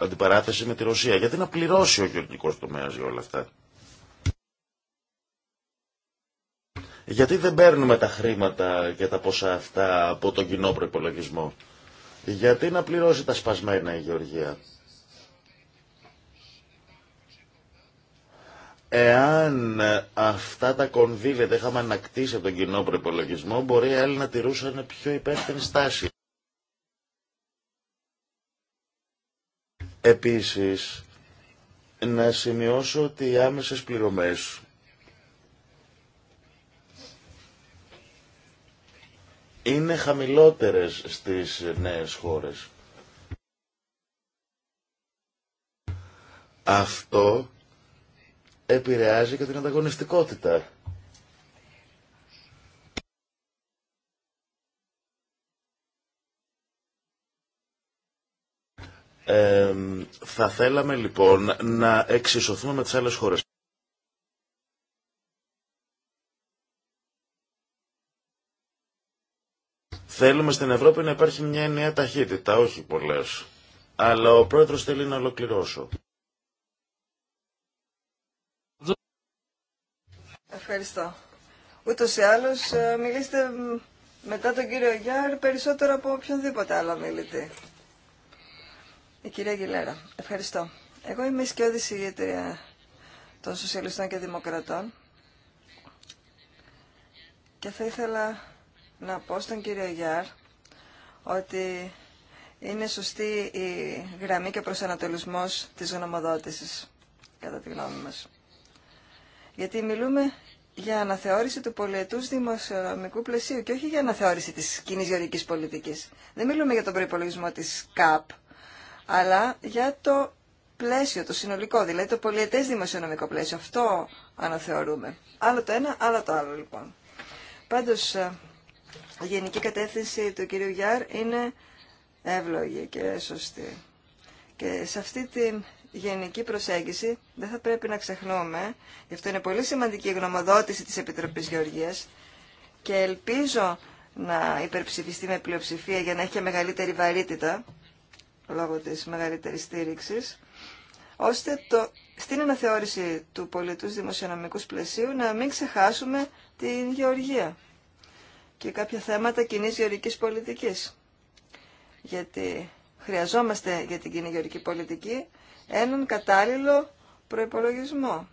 αντιπαράθεση με τη Ρωσία. Γιατί να πληρώσει ο γεωργικός τομέας για όλα αυτά. Γιατί δεν παίρνουμε τα χρήματα και τα ποσά αυτά από τον κοινό προπολογισμό. Γιατί να πληρώσει τα σπασμένα η Γεωργία. Εάν αυτά τα κονδύλια δεν είχαμε ανακτήσει από τον κοινό προπολογισμό, μπορεί οι άλλοι να τηρούσαν πιο υπεύθυνη στάση. Επίσης, να σημειώσω ότι οι άμεσες πληρωμές είναι χαμηλότερες στις νέες χώρες. Αυτό επηρεάζει και την ανταγωνιστικότητα θα θέλαμε λοιπόν να εξισωθούμε με τις άλλες χώρες. Θέλουμε στην Ευρώπη να υπάρχει μια ενιαία ταχύτητα, όχι πολλές. Αλλά ο πρόεδρος θέλει να ολοκληρώσω. Ευχαριστώ. Ούτως ή άλλως ε, μιλήστε μετά τον κύριο Γιάρ περισσότερο από οποιονδήποτε άλλο μιλητή. Η κυρία Γιλέρα, ευχαριστώ. Εγώ είμαι σκιώδη ηγέτρια των Σοσιαλιστών και Δημοκρατών και θα ήθελα να πω στον κύριο Γιάρ ότι είναι σωστή η γραμμή και προσανατολισμός της γνωμοδότησης, κατά τη γνώμη μας. Γιατί μιλούμε για αναθεώρηση του πολιετούς δημοσιονομικού πλαισίου και όχι για αναθεώρηση της κοινή γεωργικής πολιτικής. Δεν μιλούμε για τον προϋπολογισμό της ΚΑΠ, αλλά για το πλαίσιο, το συνολικό, δηλαδή το πολιετές δημοσιονομικό πλαίσιο. Αυτό αναθεωρούμε. Άλλο το ένα, άλλο το άλλο λοιπόν. Πάντως, ε, η γενική κατεύθυνση του κυρίου Γιάρ είναι εύλογη και σωστή. Και σε αυτή την γενική προσέγγιση δεν θα πρέπει να ξεχνούμε, γι' αυτό είναι πολύ σημαντική η γνωμοδότηση της Επιτροπής Γεωργίας και ελπίζω να υπερψηφιστεί με πλειοψηφία για να έχει μεγαλύτερη βαρύτητα, λόγω της μεγαλύτερης στήριξης, ώστε το, στην αναθεώρηση του πολιτούς δημοσιονομικού πλαισίου να μην ξεχάσουμε την γεωργία και κάποια θέματα κοινή γεωργικής πολιτικής. Γιατί χρειαζόμαστε για την κοινή γεωργική πολιτική έναν κατάλληλο προϋπολογισμό.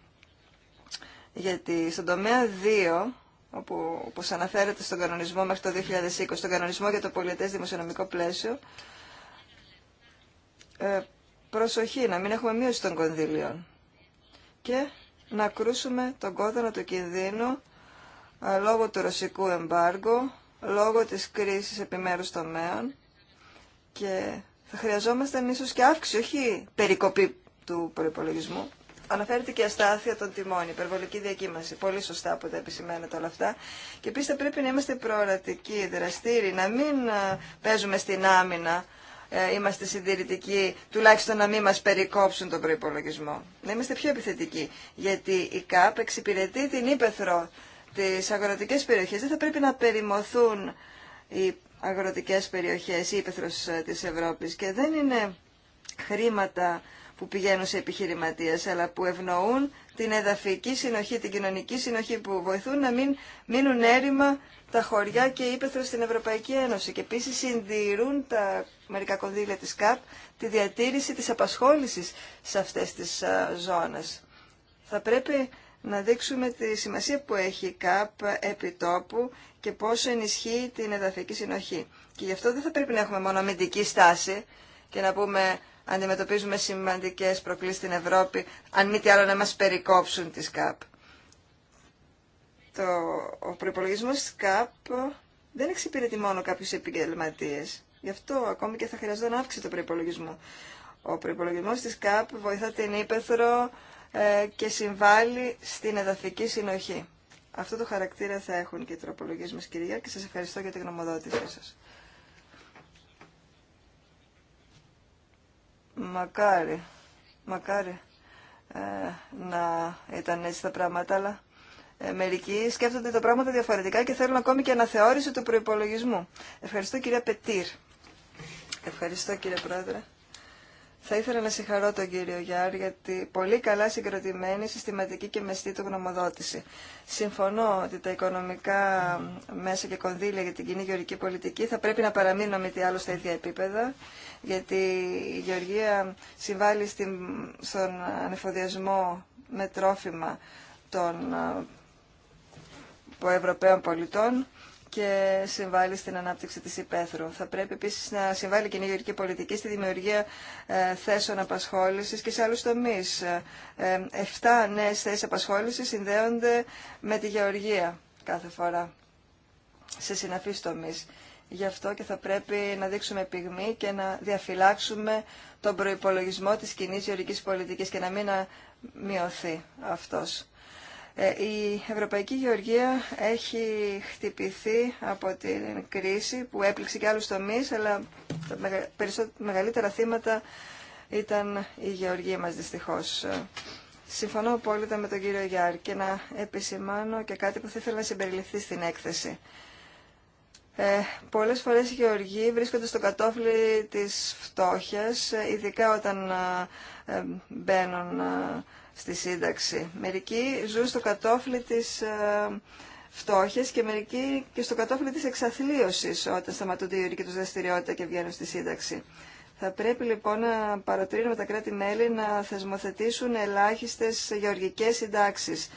Γιατί στον τομέα 2 όπου, όπως αναφέρεται στον κανονισμό μέχρι το 2020, στον κανονισμό για το πολιτές δημοσιονομικό πλαίσιο, ε, προσοχή, να μην έχουμε μείωση των κονδύλιων και να κρούσουμε τον κόδωνα του κινδύνου ε, λόγω του ρωσικού εμπάργου, λόγω της κρίσης επιμέρους τομέων και θα χρειαζόμαστε ίσως και αύξηση, όχι περικοπή του προπολογισμού. Αναφέρεται και η αστάθεια των τιμών, η υπερβολική διακύμαση. Πολύ σωστά που τα επισημαίνετε όλα αυτά. Και επίση θα πρέπει να είμαστε προορατικοί, δραστήριοι, να μην ε, παίζουμε στην άμυνα ε, είμαστε συντηρητικοί, τουλάχιστον να μην μας περικόψουν τον προϋπολογισμό. Να είμαστε πιο επιθετικοί, γιατί η ΚΑΠ εξυπηρετεί την ύπεθρο της αγροτικής περιοχές. Δεν θα πρέπει να περιμοθούν οι αγροτικές περιοχές, η ύπεθρος ε, της Ευρώπης και δεν είναι χρήματα που πηγαίνουν σε επιχειρηματίες, αλλά που ευνοούν την εδαφική συνοχή, την κοινωνική συνοχή, που βοηθούν να μην μείνουν έρημα τα χωριά και ύπεθρο στην Ευρωπαϊκή Ένωση και επίση συντηρούν τα μερικά κονδύλια της ΚΑΠ τη διατήρηση της απασχόλησης σε αυτές τις ζώνες. Θα πρέπει να δείξουμε τη σημασία που έχει η ΚΑΠ επί τόπου και πόσο ενισχύει την εδαφική συνοχή. Και γι' αυτό δεν θα πρέπει να έχουμε μόνο αμυντική στάση και να πούμε αντιμετωπίζουμε σημαντικές προκλήσεις στην Ευρώπη, αν μη τι άλλο να μας περικόψουν τις ΚΑΠ το, ο προϋπολογισμός ΚΑΠ δεν εξυπηρετεί μόνο κάποιου επαγγελματίε. Γι' αυτό ακόμη και θα χρειαζόταν αύξηση το προϋπολογισμό. Ο προπολογισμό τη ΚΑΠ βοηθά την ύπεθρο ε, και συμβάλλει στην εδαφική συνοχή. Αυτό το χαρακτήρα θα έχουν και οι τροπολογίε μα κυρία, και σας ευχαριστώ για την γνωμοδότησή σα. Μακάρι, μακάρι ε, να ήταν έτσι τα πράγματα, αλλά ε, μερικοί σκέφτονται τα πράγματα διαφορετικά και θέλουν ακόμη και αναθεώρηση του προπολογισμού. Ευχαριστώ κυρία Πετήρ. Ευχαριστώ κύριε Πρόεδρε. Θα ήθελα να συγχαρώ τον κύριο Γιάρ για τη πολύ καλά συγκροτημένη, συστηματική και μεστή του γνωμοδότηση. Συμφωνώ ότι τα οικονομικά μέσα και κονδύλια για την κοινή γεωργική πολιτική θα πρέπει να παραμείνουν με τι άλλο στα ίδια επίπεδα, γιατί η γεωργία συμβάλλει στον ανεφοδιασμό με τρόφιμα των Ευρωπαίων πολιτών και συμβάλλει στην ανάπτυξη της υπαίθρου. Θα πρέπει επίσης να συμβάλλει και η γεωργική πολιτική στη δημιουργία ε, θέσεων απασχόλησης και σε άλλους τομείς. Ε, εφτά νέες θέσεις απασχόλησης συνδέονται με τη γεωργία κάθε φορά σε συναφείς τομείς. Γι' αυτό και θα πρέπει να δείξουμε πυγμή και να διαφυλάξουμε τον προϋπολογισμό της κοινή γεωργικής πολιτικής και να μην μειωθεί αυτός. Ε, η Ευρωπαϊκή Γεωργία έχει χτυπηθεί από την κρίση που έπληξε και άλλους τομείς, αλλά τα μεγαλύτερα θύματα ήταν η Γεωργία μας δυστυχώς. Ε, συμφωνώ απόλυτα με τον κύριο Γιάρ και να επισημάνω και κάτι που θα ήθελα να συμπεριληφθεί στην έκθεση. Ε, πολλές φορές οι γεωργοί βρίσκονται στο κατόφλι της φτώχειας, ε, ειδικά όταν μπαίνουν στη σύνταξη. Μερικοί ζουν στο κατόφλι της ε, φτώχειας και μερικοί και στο κατόφλι της εξαθλίωσης όταν σταματούνται οι ορικοί τους δραστηριότητα και βγαίνουν στη σύνταξη. Θα πρέπει λοιπόν να παρατηρήσουμε τα κράτη-μέλη να θεσμοθετήσουν ελάχιστες γεωργικές συντάξεις.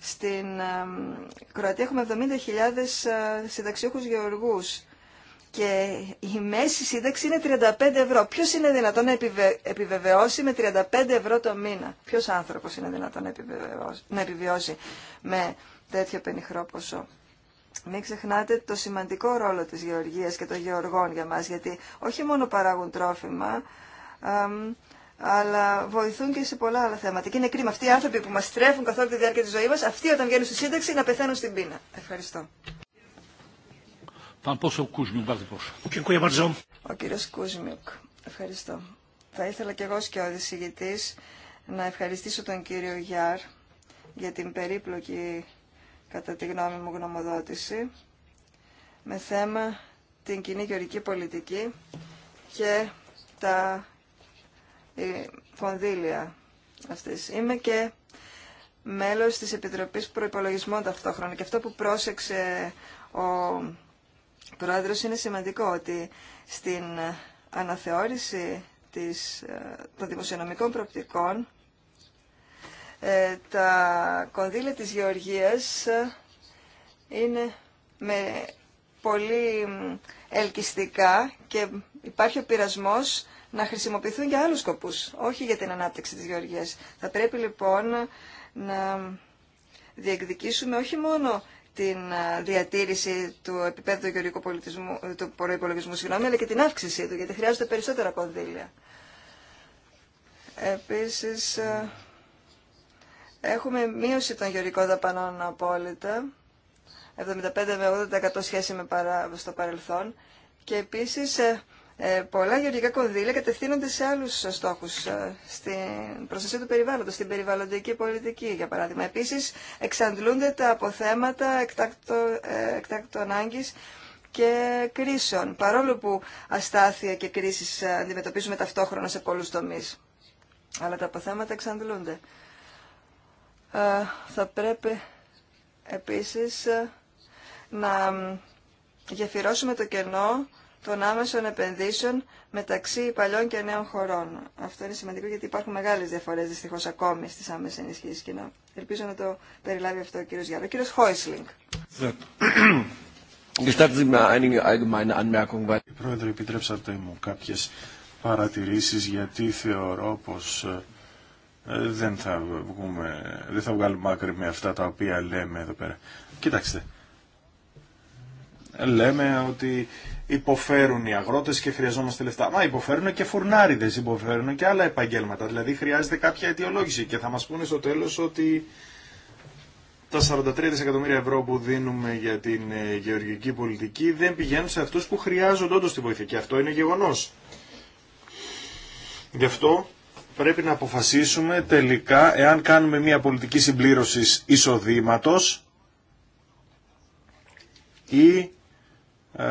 Στην ε, Κροατία έχουμε 70.000 ε, συνταξιούχους γεωργούς και η μέση σύνταξη είναι 35 ευρώ. Ποιος είναι δυνατόν να επιβεβαιώσει με 35 ευρώ το μήνα. Ποιος άνθρωπος είναι δυνατόν να, να επιβιώσει με τέτοιο πενιχρό ποσό. Μην ξεχνάτε το σημαντικό ρόλο της γεωργίας και των γεωργών για μας, γιατί όχι μόνο παράγουν τρόφιμα, αλλά βοηθούν και σε πολλά άλλα θέματα. Και είναι κρίμα αυτοί οι άνθρωποι που μας τρέφουν καθόλου τη διάρκεια της ζωής μας, αυτοί όταν βγαίνουν στη σύνταξη να πεθαίνουν στην πείνα. Ευχαριστώ. Ο κύριος Κούσμιουκ, ευχαριστώ. Θα ήθελα και εγώ και ο να ευχαριστήσω τον κύριο Γιάρ για την περίπλοκη, κατά τη γνώμη μου, γνωμοδότηση με θέμα την κοινή γεωρική πολιτική και τα φονδύλια ε, αυτής. Είμαι και μέλος της Επιτροπής Προϋπολογισμών ταυτόχρονα και αυτό που πρόσεξε ο Πρόεδρος, είναι σημαντικό ότι στην αναθεώρηση της, ε, των δημοσιονομικών προοπτικών ε, τα κονδύλια της γεωργίας ε, είναι με πολύ ελκυστικά και υπάρχει ο πειρασμός να χρησιμοποιηθούν για άλλους σκοπούς, όχι για την ανάπτυξη της γεωργίας. Θα πρέπει λοιπόν να διεκδικήσουμε όχι μόνο την ε, διατήρηση του επίπεδου γεωργικού πολιτισμού, ε, του προπολογισμού, συγγνώμη, αλλά και την αύξησή του, γιατί χρειάζονται περισσότερα κονδύλια. Επίσης, ε, έχουμε μείωση των γεωργικών δαπανών απόλυτα, 75 με 80% σχέση με στο παρελθόν, και επίσης ε, πολλά γεωργικά κονδύλια κατευθύνονται σε άλλους στόχου ε, στην προστασία του περιβάλλοντος, στην περιβαλλοντική πολιτική, για παράδειγμα. Επίσης, εξαντλούνται τα αποθέματα εκτάκτο, ε, εκτάκτο και κρίσεων, παρόλο που αστάθεια και κρίσεις αντιμετωπίζουμε ταυτόχρονα σε πολλούς τομεί. Αλλά τα αποθέματα εξαντλούνται. Θα πρέπει επίσης να γεφυρώσουμε το κενό των άμεσων επενδύσεων μεταξύ παλιών και νέων χωρών. Αυτό είναι σημαντικό γιατί υπάρχουν μεγάλες διαφορές δυστυχώ ακόμη στις άμεσε ενισχύσει κοινών. ελπίζω να το περιλάβει αυτό ο κύριο Γιάννη. Ο κύριος Χόισλινγκ. Πρόεδρε, επιτρέψατε μου κάποιε παρατηρήσεις γιατί θεωρώ πως ε, δεν θα, δεν θα βγάλουμε άκρη με αυτά τα οποία λέμε εδώ πέρα. Κοιτάξτε, λέμε ότι υποφέρουν οι αγρότες και χρειαζόμαστε λεφτά. Μα υποφέρουν και φουρνάριδες, υποφέρουν και άλλα επαγγέλματα. Δηλαδή χρειάζεται κάποια αιτιολόγηση και θα μας πούνε στο τέλος ότι τα 43 δισεκατομμύρια ευρώ που δίνουμε για την ε, γεωργική πολιτική δεν πηγαίνουν σε αυτούς που χρειάζονται όντως τη βοήθεια και αυτό είναι γεγονός. Γι' αυτό πρέπει να αποφασίσουμε τελικά εάν κάνουμε μια πολιτική συμπλήρωση εισοδήματο ή ε,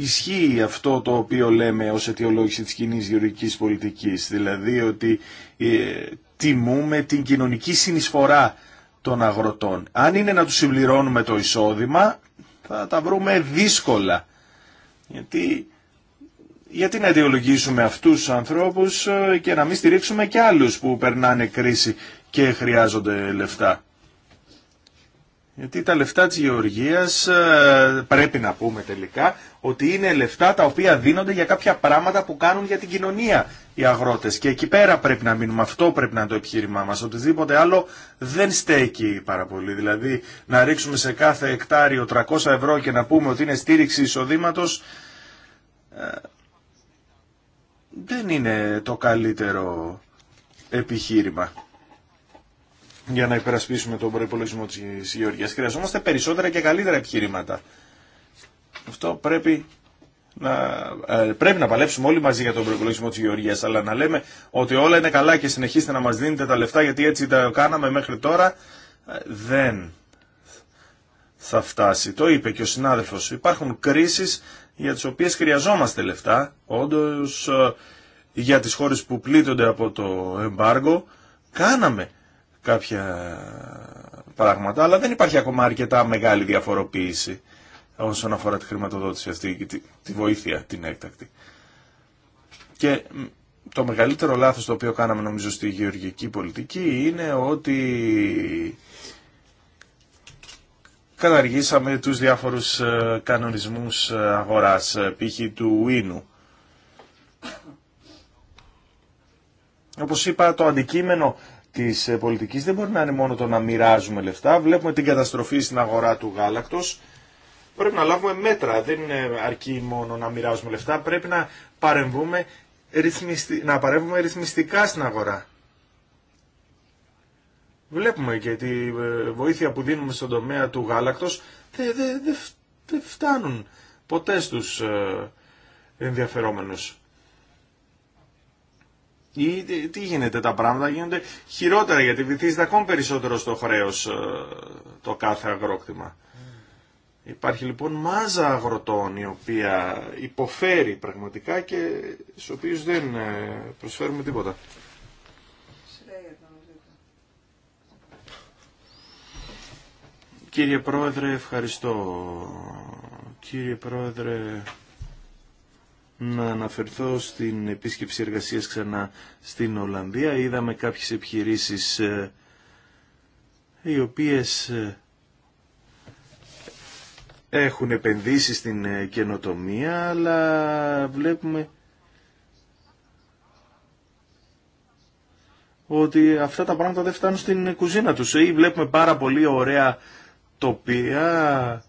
ισχύει αυτό το οποίο λέμε ως αιτιολόγηση της κοινή γεωργικής πολιτικής, δηλαδή ότι ε, τιμούμε την κοινωνική συνεισφορά των αγροτών. Αν είναι να τους συμπληρώνουμε το εισόδημα, θα τα βρούμε δύσκολα. Γιατί, γιατί να αιτιολογήσουμε αυτούς τους ανθρώπους ε, και να μην στηρίξουμε και άλλους που περνάνε κρίση και χρειάζονται λεφτά. Γιατί τα λεφτά της γεωργίας ε, πρέπει να πούμε τελικά ότι είναι λεφτά τα οποία δίνονται για κάποια πράγματα που κάνουν για την κοινωνία οι αγρότες. Και εκεί πέρα πρέπει να μείνουμε. Αυτό πρέπει να είναι το επιχείρημά μας. Οτιδήποτε άλλο δεν στέκει πάρα πολύ. Δηλαδή να ρίξουμε σε κάθε εκτάριο 300 ευρώ και να πούμε ότι είναι στήριξη εισοδήματος ε, δεν είναι το καλύτερο επιχείρημα για να υπερασπίσουμε τον προπολογισμό τη Γεωργία. Χρειαζόμαστε περισσότερα και καλύτερα επιχειρήματα. Αυτό πρέπει να, ε, πρέπει να παλέψουμε όλοι μαζί για τον προπολογισμό τη Γεωργία. αλλά να λέμε ότι όλα είναι καλά και συνεχίστε να μα δίνετε τα λεφτά γιατί έτσι τα κάναμε μέχρι τώρα, ε, δεν θα φτάσει. Το είπε και ο συνάδελφος. Υπάρχουν κρίσεις για τις οποίες χρειαζόμαστε λεφτά, όντως ε, για τις χώρες που πλήττονται από το εμπάργο, κάναμε κάποια πράγματα, αλλά δεν υπάρχει ακόμα αρκετά μεγάλη διαφοροποίηση όσον αφορά τη χρηματοδότηση αυτή, τη, τη βοήθεια την έκτακτη. Και το μεγαλύτερο λάθος το οποίο κάναμε νομίζω στη γεωργική πολιτική είναι ότι καταργήσαμε τους διάφορους ε, κανονισμούς ε, αγοράς, ε, π.χ. του ίνου. Όπως είπα, το αντικείμενο της ε, πολιτικής δεν μπορεί να είναι μόνο το να μοιράζουμε λεφτά. Βλέπουμε την καταστροφή στην αγορά του γάλακτος. Πρέπει να λάβουμε μέτρα. Δεν είναι αρκεί μόνο να μοιράζουμε λεφτά. Πρέπει να, παρεμβούμε, να ρυθμιστικά στην αγορά. Βλέπουμε και τη ε, βοήθεια που δίνουμε στον τομέα του γάλακτος δεν φτάνουν ποτέ στους ε, ενδιαφερόμενους. Ή τι γίνεται, τα πράγματα γίνονται χειρότερα γιατί βυθίζεται ακόμη περισσότερο στο χρέος ε, το κάθε αγρόκτημα. Υπάρχει λοιπόν μάζα αγροτών η οποία υποφέρει πραγματικά και στους οποίους δεν ε, προσφέρουμε τίποτα. Κύριε Πρόεδρε, ευχαριστώ. Κύριε Πρόεδρε, να αναφερθώ στην επίσκεψη εργασίας ξανά στην Ολλανδία. Είδαμε κάποιες επιχειρήσεις ε, οι οποίες ε, έχουν επενδύσει στην ε, καινοτομία, αλλά βλέπουμε ότι αυτά τα πράγματα δεν φτάνουν στην κουζίνα τους. Ή βλέπουμε πάρα πολύ ωραία τοπία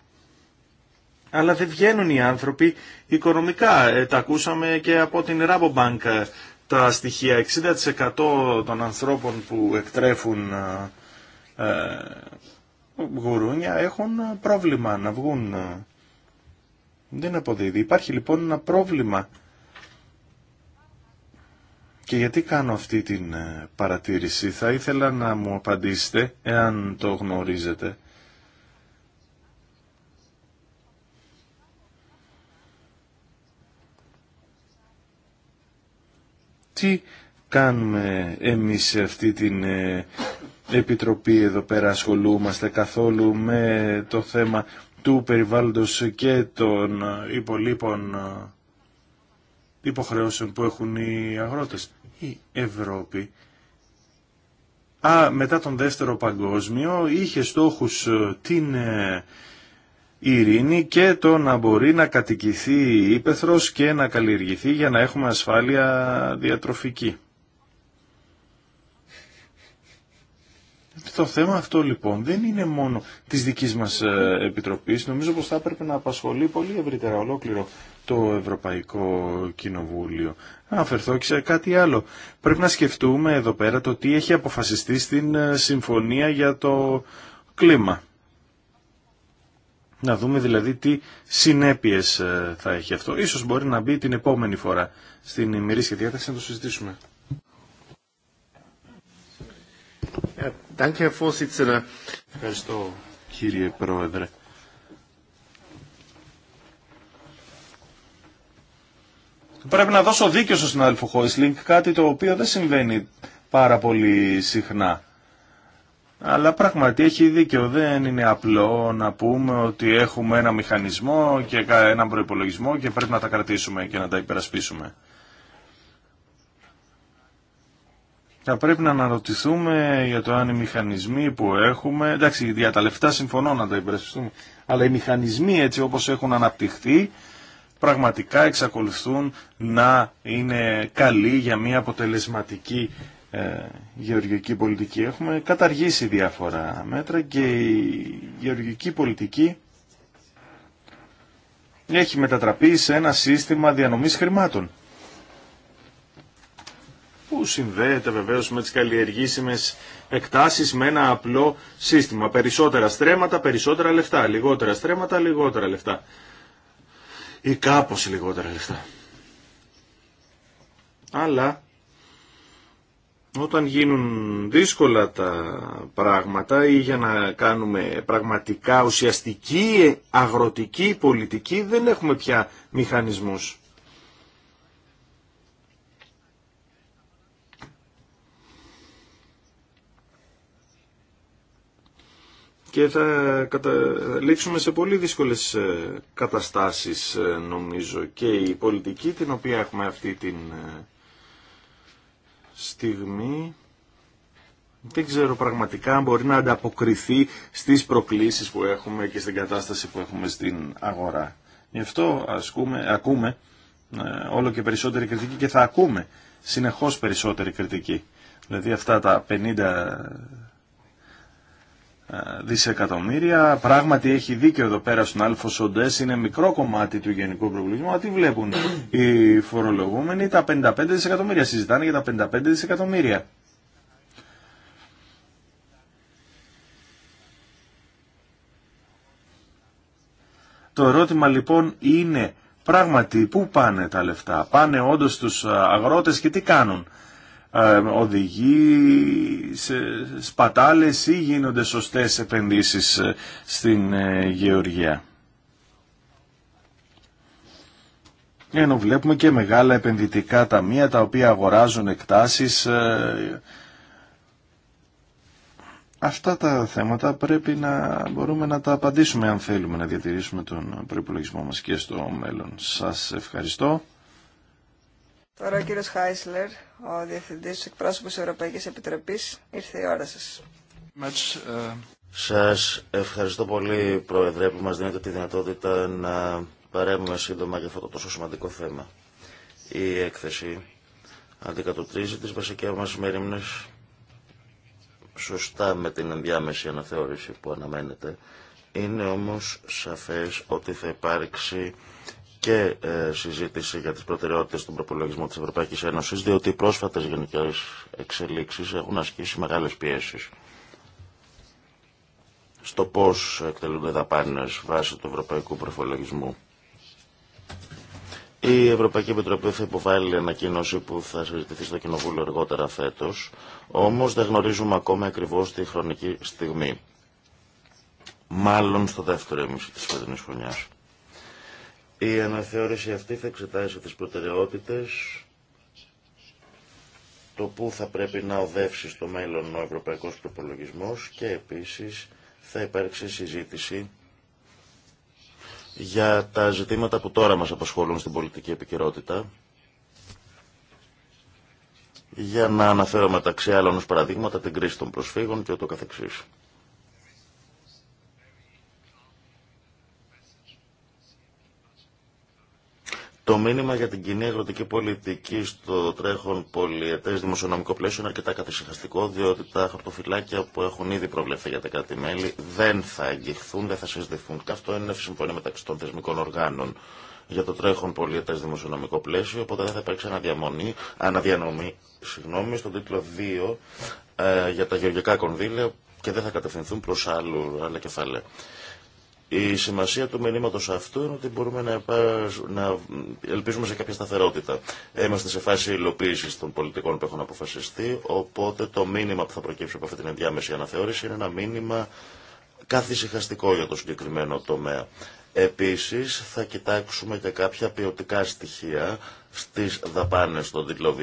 αλλά δεν βγαίνουν οι άνθρωποι οικονομικά. Ε, τα ακούσαμε και από την Rabobank ε, τα στοιχεία. 60% των ανθρώπων που εκτρέφουν ε, ε γουρούνια έχουν πρόβλημα να βγουν. Δεν αποδίδει. Υπάρχει λοιπόν ένα πρόβλημα. Και γιατί κάνω αυτή την παρατήρηση. Θα ήθελα να μου απαντήσετε, εάν το γνωρίζετε. Τι κάνουμε εμείς σε αυτή την ε, επιτροπή εδώ πέρα ασχολούμαστε καθόλου με το θέμα του περιβάλλοντος και των υπολείπων ε, υποχρεώσεων που έχουν οι αγρότες. Η Ευρώπη α, μετά τον δεύτερο παγκόσμιο είχε στόχους ε, την ειρήνη και το να μπορεί να κατοικηθεί η και να καλλιεργηθεί για να έχουμε ασφάλεια διατροφική. Το θέμα αυτό λοιπόν δεν είναι μόνο της δικής μας ε, επιτροπής, νομίζω πως θα έπρεπε να απασχολεί πολύ ευρύτερα ολόκληρο το Ευρωπαϊκό Κοινοβούλιο. Να αφαιρθώ και σε κάτι άλλο. Πρέπει να σκεφτούμε εδώ πέρα το τι έχει αποφασιστεί στην ε, Συμφωνία για το Κλίμα. Να δούμε δηλαδή τι συνέπειες ε, θα έχει αυτό. Ίσως μπορεί να μπει την επόμενη φορά στην ημερήσια διάταξη να το συζητήσουμε. Ε, Ευχαριστώ κύριε Πρόεδρε. Πρέπει να δώσω δίκιο στον συνάδελφο Χόισλινγκ, κάτι το οποίο δεν συμβαίνει πάρα πολύ συχνά. Αλλά πράγματι έχει δίκιο. Δεν είναι απλό να πούμε ότι έχουμε ένα μηχανισμό και έναν προπολογισμό και πρέπει να τα κρατήσουμε και να τα υπερασπίσουμε. Θα πρέπει να αναρωτηθούμε για το αν οι μηχανισμοί που έχουμε, εντάξει για τα λεφτά συμφωνώ να τα υπερασπιστούμε, αλλά οι μηχανισμοί έτσι όπως έχουν αναπτυχθεί πραγματικά εξακολουθούν να είναι καλοί για μια αποτελεσματική ε, γεωργική πολιτική. Έχουμε καταργήσει διάφορα μέτρα και η γεωργική πολιτική έχει μετατραπεί σε ένα σύστημα διανομής χρημάτων που συνδέεται βεβαίως με τις καλλιεργήσιμες εκτάσεις με ένα απλό σύστημα. Περισσότερα στρέμματα, περισσότερα λεφτά. Λιγότερα στρέμματα, λιγότερα λεφτά. Ή κάπως λιγότερα λεφτά. Αλλά όταν γίνουν δύσκολα τα πράγματα ή για να κάνουμε πραγματικά ουσιαστική αγροτική πολιτική δεν έχουμε πια μηχανισμούς. και θα καταλήξουμε σε πολύ δύσκολες ε, καταστάσεις ε, νομίζω και η πολιτική την οποία έχουμε αυτή την ε, στιγμή δεν ξέρω πραγματικά αν μπορεί να ανταποκριθεί στις προκλήσεις που έχουμε και στην κατάσταση που έχουμε στην αγορά. Γι' αυτό ασκούμε, ακούμε ε, όλο και περισσότερη κριτική και θα ακούμε συνεχώς περισσότερη κριτική. Δηλαδή αυτά τα 50 ε, δισεκατομμύρια. Πράγματι έχει δίκιο εδώ πέρα στον Άλφο Σοντές, είναι μικρό κομμάτι του γενικού προβλήματος. τι βλέπουν οι φορολογούμενοι, τα 55 δισεκατομμύρια. Συζητάνε για τα 55 δισεκατομμύρια. Το ερώτημα λοιπόν είναι πράγματι πού πάνε τα λεφτά. Πάνε όντως στους ε, αγρότες και τι κάνουν. Ε, οδηγεί σε σπατάλες ή γίνονται σωστές επενδύσεις ε, στην ε, γεωργία. Ενώ βλέπουμε και μεγάλα επενδυτικά ταμεία τα οποία αγοράζουν εκτάσεις. Αυτά τα θέματα πρέπει να μπορούμε να τα απαντήσουμε αν θέλουμε να διατηρήσουμε τον προϋπολογισμό μας και στο μέλλον. Σας ευχαριστώ. Τώρα ο κύριος Χάισλερ, ο Διευθυντής της Ευρωπαϊκή Ευρωπαϊκής Επιτροπής, ήρθε η ώρα σας. Σας ευχαριστώ πολύ, Πρόεδρε, που μας δίνετε τη δυνατότητα να παρέμβουμε σύντομα για αυτό το τόσο σημαντικό θέμα. Η έκθεση αντικατοπτρίζει τις βασικές μας μερίμνες, σωστά με την ενδιάμεση αναθεώρηση που αναμένεται. Είναι όμως σαφές ότι θα υπάρξει και ε, συζήτηση για τις προτεραιότητες του προπολογισμού της Ευρωπαϊκής Ένωσης, διότι οι πρόσφατες γενικές εξελίξεις έχουν ασκήσει μεγάλες πιέσεις στο πώς εκτελούνται δαπάνες βάσει του ευρωπαϊκού προπολογισμού. Η Ευρωπαϊκή Επιτροπή θα υποβάλει ανακοίνωση που θα συζητηθεί στο Κοινοβούλιο αργότερα φέτος, όμως δεν γνωρίζουμε ακόμα ακριβώς τη χρονική στιγμή. Μάλλον στο δεύτερο έμιση τη φετινής χρονιάς. Η αναθεώρηση αυτή θα εξετάσει τις προτεραιότητες, το που θα πρέπει να οδεύσει στο μέλλον ο ευρωπαϊκός προπολογισμός και επίσης θα υπάρξει συζήτηση για τα ζητήματα που τώρα μας απασχολούν στην πολιτική επικαιρότητα. Για να αναφέρω μεταξύ άλλων ως παραδείγματα την κρίση των προσφύγων και ούτω καθεξής. Το μήνυμα για την κοινή αγροτική πολιτική στο τρέχον πολιετέ δημοσιονομικό πλαίσιο είναι αρκετά καθησυχαστικό, διότι τα χαρτοφυλάκια που έχουν ήδη προβλεφθεί για τα κράτη-μέλη δεν θα αγγιχθούν, δεν θα συζητηθούν. Και αυτό είναι συμφωνία μεταξύ των θεσμικών οργάνων για το τρέχον πολιετέ δημοσιονομικό πλαίσιο, οπότε δεν θα υπάρξει αναδιανομή συγγνώμη, στον τίτλο 2 ε, για τα γεωργικά κονδύλια και δεν θα κατευθυνθούν προ άλλου άλλα κεφάλαια. Η σημασία του μηνύματος αυτού είναι ότι μπορούμε να, να ελπίζουμε σε κάποια σταθερότητα. Είμαστε σε φάση υλοποίηση των πολιτικών που έχουν αποφασιστεί, οπότε το μήνυμα που θα προκύψει από αυτή την ενδιάμεση αναθεώρηση είναι ένα μήνυμα καθησυχαστικό για το συγκεκριμένο τομέα. Επίσης θα κοιτάξουμε και κάποια ποιοτικά στοιχεία στις δαπάνες των τίτλο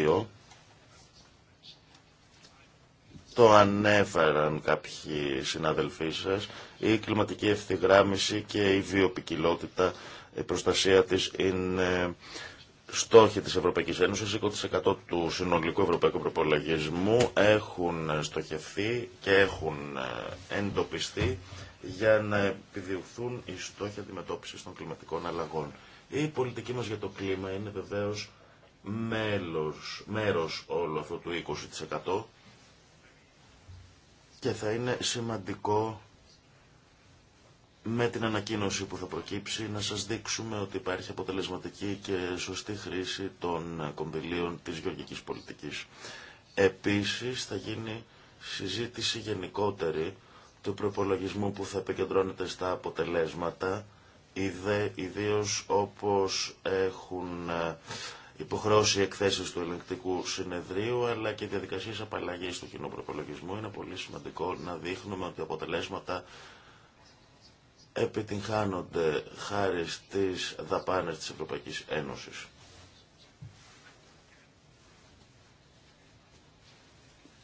το ανέφεραν κάποιοι συναδελφοί σας, η κλιματική ευθυγράμμιση και η βιοπικιλότητα, η προστασία της είναι στόχοι της Ευρωπαϊκής Ένωσης, 20% του συνολικού ευρωπαϊκού προπολογισμού έχουν στοχευθεί και έχουν ε, εντοπιστεί για να επιδιωχθούν οι στόχοι αντιμετώπισης των κλιματικών αλλαγών. Η πολιτική μας για το κλίμα είναι βεβαίως μέλος, μέρος όλου αυτού του 20% και θα είναι σημαντικό με την ανακοίνωση που θα προκύψει να σας δείξουμε ότι υπάρχει αποτελεσματική και σωστή χρήση των κομπηλίων της γεωργικής πολιτικής. Επίσης θα γίνει συζήτηση γενικότερη του προπολογισμού που θα επικεντρώνεται στα αποτελέσματα, ιδίως όπως έχουν ε, υποχρεώσει εκθέσει του ελεγκτικού συνεδρίου, αλλά και διαδικασίε απαλλαγή του κοινού προπολογισμού. Είναι πολύ σημαντικό να δείχνουμε ότι αποτελέσματα επιτυγχάνονται χάρη στις δαπάνες της Ευρωπαϊκής Ένωσης.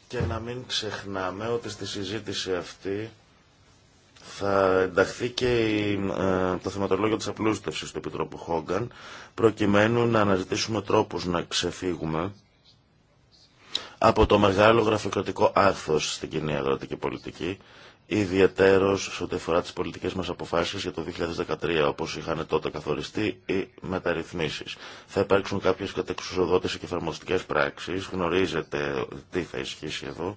Και να μην ξεχνάμε ότι στη συζήτηση αυτή θα ενταχθεί και ε, το θεματολόγιο της απλούστευσης του Επιτρόπου Χόγκαν προκειμένου να αναζητήσουμε τρόπους να ξεφύγουμε από το μεγάλο γραφειοκρατικό άχθος στην κοινή αγροτική πολιτική ιδιαίτερο σε ό,τι αφορά τις πολιτικές μας αποφάσεις για το 2013 όπως είχαν τότε καθοριστεί οι μεταρρυθμίσεις. Θα υπάρξουν κάποιες κατεξουσοδότες και εφαρμοστικές πράξεις, γνωρίζετε τι θα ισχύσει εδώ,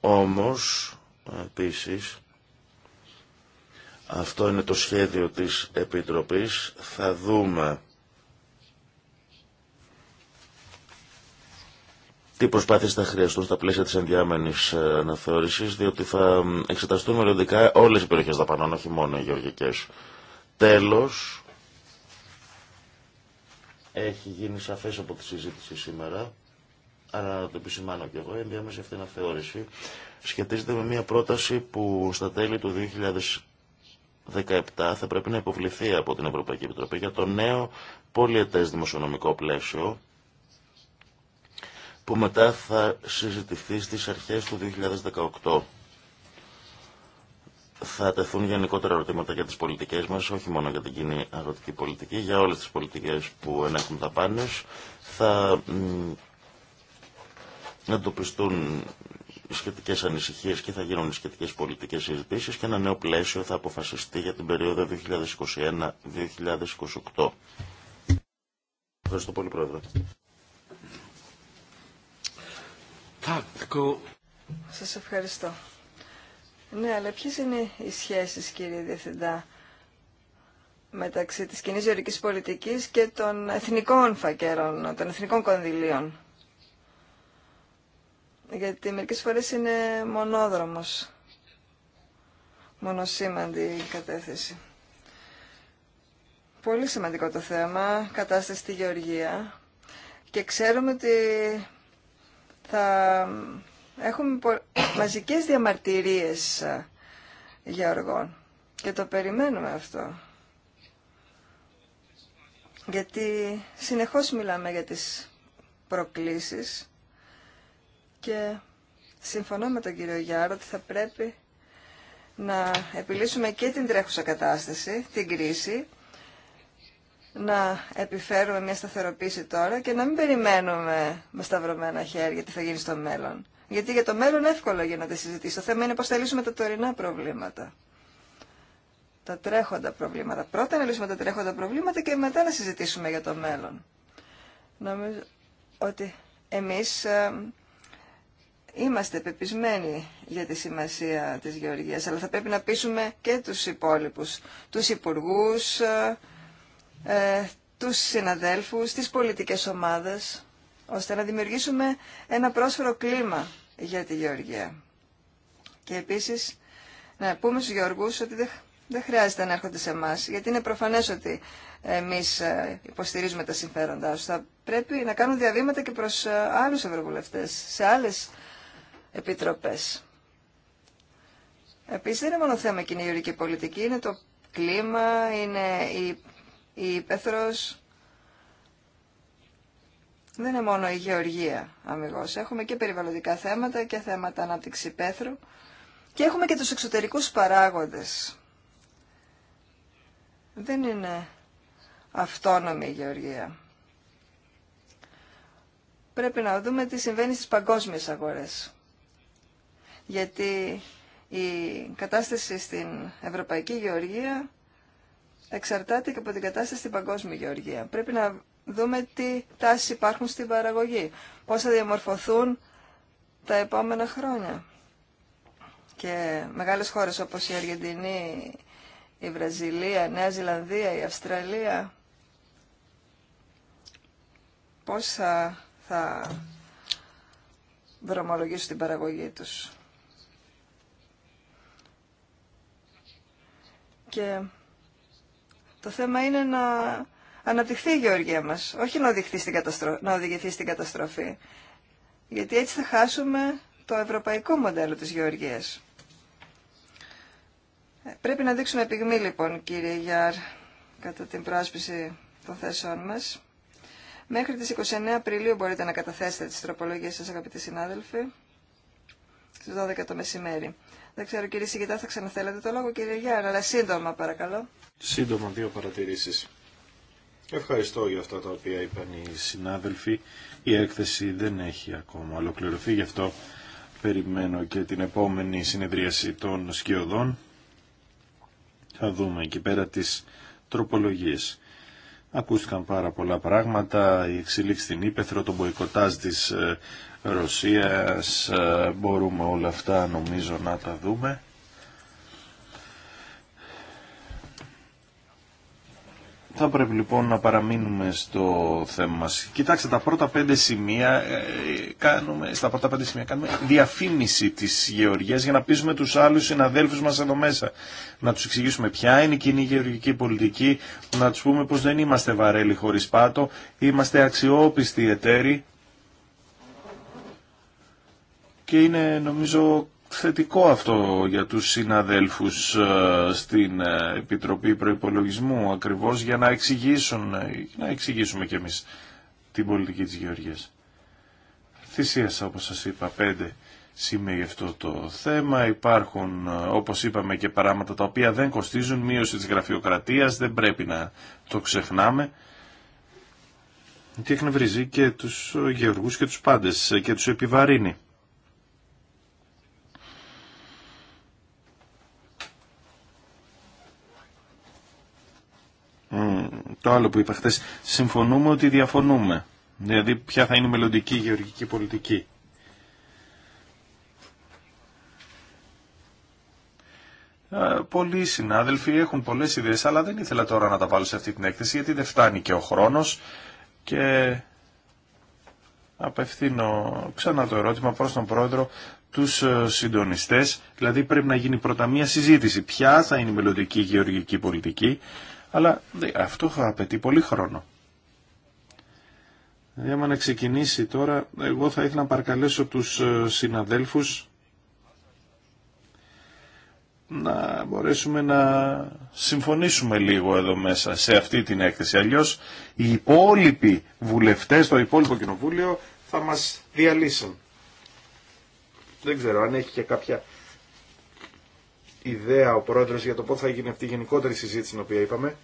όμως επίσης αυτό είναι το σχέδιο της Επιτροπής. Θα δούμε τι προσπάθειες θα χρειαστούν στα πλαίσια της ενδιάμενης ε, αναθεώρησης, διότι θα εξεταστούν μελλοντικά όλες οι περιοχές δαπανών, όχι μόνο οι γεωργικές. Τέλος, έχει γίνει σαφές από τη συζήτηση σήμερα, αλλά το επισημάνω κι εγώ, η ενδιάμεση αυτή αναθεώρηση σχετίζεται με μια πρόταση που στα τέλη του 17 θα πρέπει να υποβληθεί από την Ευρωπαϊκή Επιτροπή για το νέο πολιετές δημοσιονομικό πλαίσιο που μετά θα συζητηθεί στις αρχές του 2018. Θα τεθούν γενικότερα ερωτήματα για τις πολιτικές μας, όχι μόνο για την κοινή αγροτική πολιτική, για όλες τις πολιτικές που ενέχουν τα πάνες. Θα εντοπιστούν οι σχετικές και θα γίνουν οι σχετικές πολιτικές συζητήσεις και ένα νέο πλαίσιο θα αποφασιστεί για την περίοδο 2021-2028. Ευχαριστώ πολύ, Πρόεδρε. Σας ευχαριστώ. Ναι, αλλά ποιε είναι οι σχέσει, κύριε Διευθυντά, μεταξύ τη κοινή γεωρικής πολιτική και των εθνικών φακέρων, των εθνικών κονδυλίων γιατί μερικές φορές είναι μονόδρομος, μονοσήμαντη η κατέθεση. Πολύ σημαντικό το θέμα, κατάσταση στη Γεωργία και ξέρουμε ότι θα έχουμε μαζικές διαμαρτυρίες ε, γεωργών και το περιμένουμε αυτό. Γιατί συνεχώς μιλάμε για τις προκλήσεις και συμφωνώ με τον κύριο Γιάρο ότι θα πρέπει να επιλύσουμε και την τρέχουσα κατάσταση, την κρίση, να επιφέρουμε μια σταθεροποίηση τώρα και να μην περιμένουμε με σταυρωμένα χέρια τι θα γίνει στο μέλλον. Γιατί για το μέλλον εύκολο γίνεται συζητήσει. Το θέμα είναι πώ θα λύσουμε τα τωρινά προβλήματα. Τα τρέχοντα προβλήματα. Πρώτα να λύσουμε τα τρέχοντα προβλήματα και μετά να συζητήσουμε για το μέλλον. Νομίζω ότι εμείς ε, Είμαστε πεπισμένοι για τη σημασία της γεωργίας, αλλά θα πρέπει να πείσουμε και τους υπόλοιπους, τους υπουργούς, ε, τους συναδέλφους, τις πολιτικές ομάδες, ώστε να δημιουργήσουμε ένα πρόσφερο κλίμα για τη γεωργία. Και επίσης να πούμε στους γεωργούς ότι δεν χρειάζεται να έρχονται σε εμά, γιατί είναι προφανές ότι εμείς ε, υποστηρίζουμε τα συμφέροντά τους. Θα πρέπει να κάνουν διαβήματα και προς ε, άλλους ευρωβουλευτές, σε άλλες επιτροπές. Επίσης δεν είναι μόνο θέμα κοινή γεωρική πολιτική, είναι το κλίμα, είναι η, η Δεν είναι μόνο η γεωργία αμυγός. Έχουμε και περιβαλλοντικά θέματα και θέματα ανάπτυξη και έχουμε και τους εξωτερικούς παράγοντες. Δεν είναι αυτόνομη η γεωργία. Πρέπει να δούμε τι συμβαίνει στις παγκόσμιες αγορές γιατί η κατάσταση στην Ευρωπαϊκή Γεωργία εξαρτάται και από την κατάσταση στην παγκόσμια γεωργία. Πρέπει να δούμε τι τάσεις υπάρχουν στην παραγωγή, πώς θα διαμορφωθούν τα επόμενα χρόνια. Και μεγάλες χώρες όπως η Αργεντινή, η Βραζιλία, η Νέα Ζηλανδία, η Αυστραλία, πώς θα, θα δρομολογήσουν την παραγωγή τους. Και το θέμα είναι να αναπτυχθεί η γεωργία μας, όχι να, στην καταστρο... να οδηγηθεί στην καταστροφή. Γιατί έτσι θα χάσουμε το ευρωπαϊκό μοντέλο της γεωργίας. Ε, πρέπει να δείξουμε πυγμή λοιπόν κύριε Γιάρ κατά την πρόσπιση των θέσεων μας. Μέχρι τις 29 Απριλίου μπορείτε να καταθέσετε τις τροπολογίες σας αγαπητοί συνάδελφοι στις 12 το μεσημέρι. Δεν ξέρω κύριε Σιγητά, θα ξαναθέλατε το λόγο κύριε Γιάννα, αλλά σύντομα παρακαλώ. Σύντομα δύο παρατηρήσεις. Ευχαριστώ για αυτά τα οποία είπαν οι συνάδελφοι. Η έκθεση δεν έχει ακόμα ολοκληρωθεί, γι' αυτό περιμένω και την επόμενη συνεδρίαση των σκιωδών. Θα δούμε εκεί πέρα τις τροπολογίες. Ακούστηκαν πάρα πολλά πράγματα, η εξελίξη στην Ήπεθρο, το μποϊκοτάζ της ε, Ρωσίας, ε, μπορούμε όλα αυτά νομίζω να τα δούμε. Θα πρέπει λοιπόν να παραμείνουμε στο θέμα μας. Κοιτάξτε, τα πρώτα πέντε σημεία ε, κάνουμε, στα πρώτα πέντε σημεία κάνουμε διαφήμιση της γεωργίας για να πείσουμε τους άλλους συναδέλφους μας εδώ μέσα. Να τους εξηγήσουμε ποια είναι η κοινή γεωργική πολιτική, να τους πούμε πως δεν είμαστε βαρέλοι χωρίς πάτο, είμαστε αξιόπιστοι εταίροι και είναι νομίζω θετικό αυτό για τους συναδέλφους ε, στην ε, Επιτροπή Προϋπολογισμού ακριβώς για να εξηγήσουν, ε, να εξηγήσουμε κι εμείς την πολιτική της Γεωργίας. Θυσίασα όπως σας είπα πέντε σημεία για αυτό το θέμα. Υπάρχουν όπως είπαμε και παράματα τα οποία δεν κοστίζουν, μείωση της γραφειοκρατίας, δεν πρέπει να το ξεχνάμε. Και εκνευρίζει και τους γεωργούς και τους πάντες και τους επιβαρύνει. το άλλο που είπα χθε. συμφωνούμε ότι διαφωνούμε. Δηλαδή ποια θα είναι η μελλοντική γεωργική πολιτική. Ε, πολλοί συνάδελφοι έχουν πολλές ιδέες, αλλά δεν ήθελα τώρα να τα βάλω σε αυτή την έκθεση, γιατί δεν φτάνει και ο χρόνος και απευθύνω ξανά το ερώτημα προς τον Πρόεδρο τους ε, συντονιστέ. δηλαδή πρέπει να γίνει πρώτα μία συζήτηση. Ποια θα είναι η μελλοντική γεωργική πολιτική αλλά αυτό θα απαιτεί πολύ χρόνο. Δηλαδή, να ξεκινήσει τώρα, εγώ θα ήθελα να παρακαλέσω τους ε, συναδέλφους να μπορέσουμε να συμφωνήσουμε λίγο εδώ μέσα σε αυτή την έκθεση. Αλλιώς οι υπόλοιποι βουλευτές στο υπόλοιπο κοινοβούλιο θα μας διαλύσουν. Δεν ξέρω αν έχει και κάποια ιδέα ο πρόεδρο για το πώ θα γίνει αυτή η γενικότερη συζήτηση την οποία είπαμε.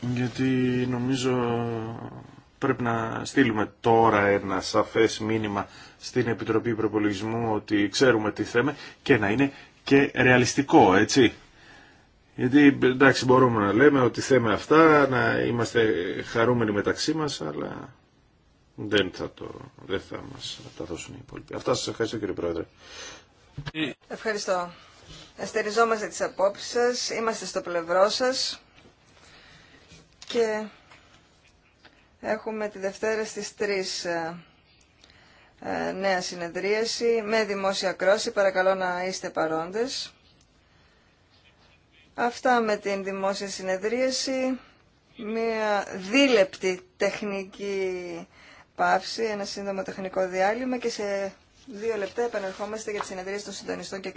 Γιατί νομίζω πρέπει να στείλουμε τώρα ένα σαφές μήνυμα στην Επιτροπή Προπολογισμού ότι ξέρουμε τι θέμε και να είναι και ρεαλιστικό, έτσι. Γιατί εντάξει μπορούμε να λέμε ότι θέμε αυτά, να είμαστε χαρούμενοι μεταξύ μας, αλλά δεν θα, το, δεν μας τα δώσουν οι υπόλοιποι. Αυτά σας ευχαριστώ κύριε Πρόεδρε. Ευχαριστώ. Αστεριζόμαστε τις απόψεις σας, είμαστε στο πλευρό σας και έχουμε τη Δευτέρα στις 3 ε, ε, νέα συνεδρίαση με δημόσια κρόση. Παρακαλώ να είστε παρόντες. Αυτά με την δημόσια συνεδρίαση. Μία δίλεπτη τεχνική παύση, ένα σύντομο τεχνικό διάλειμμα και σε δύο λεπτά επανερχόμαστε για τις συνεδρίες των συντονιστών και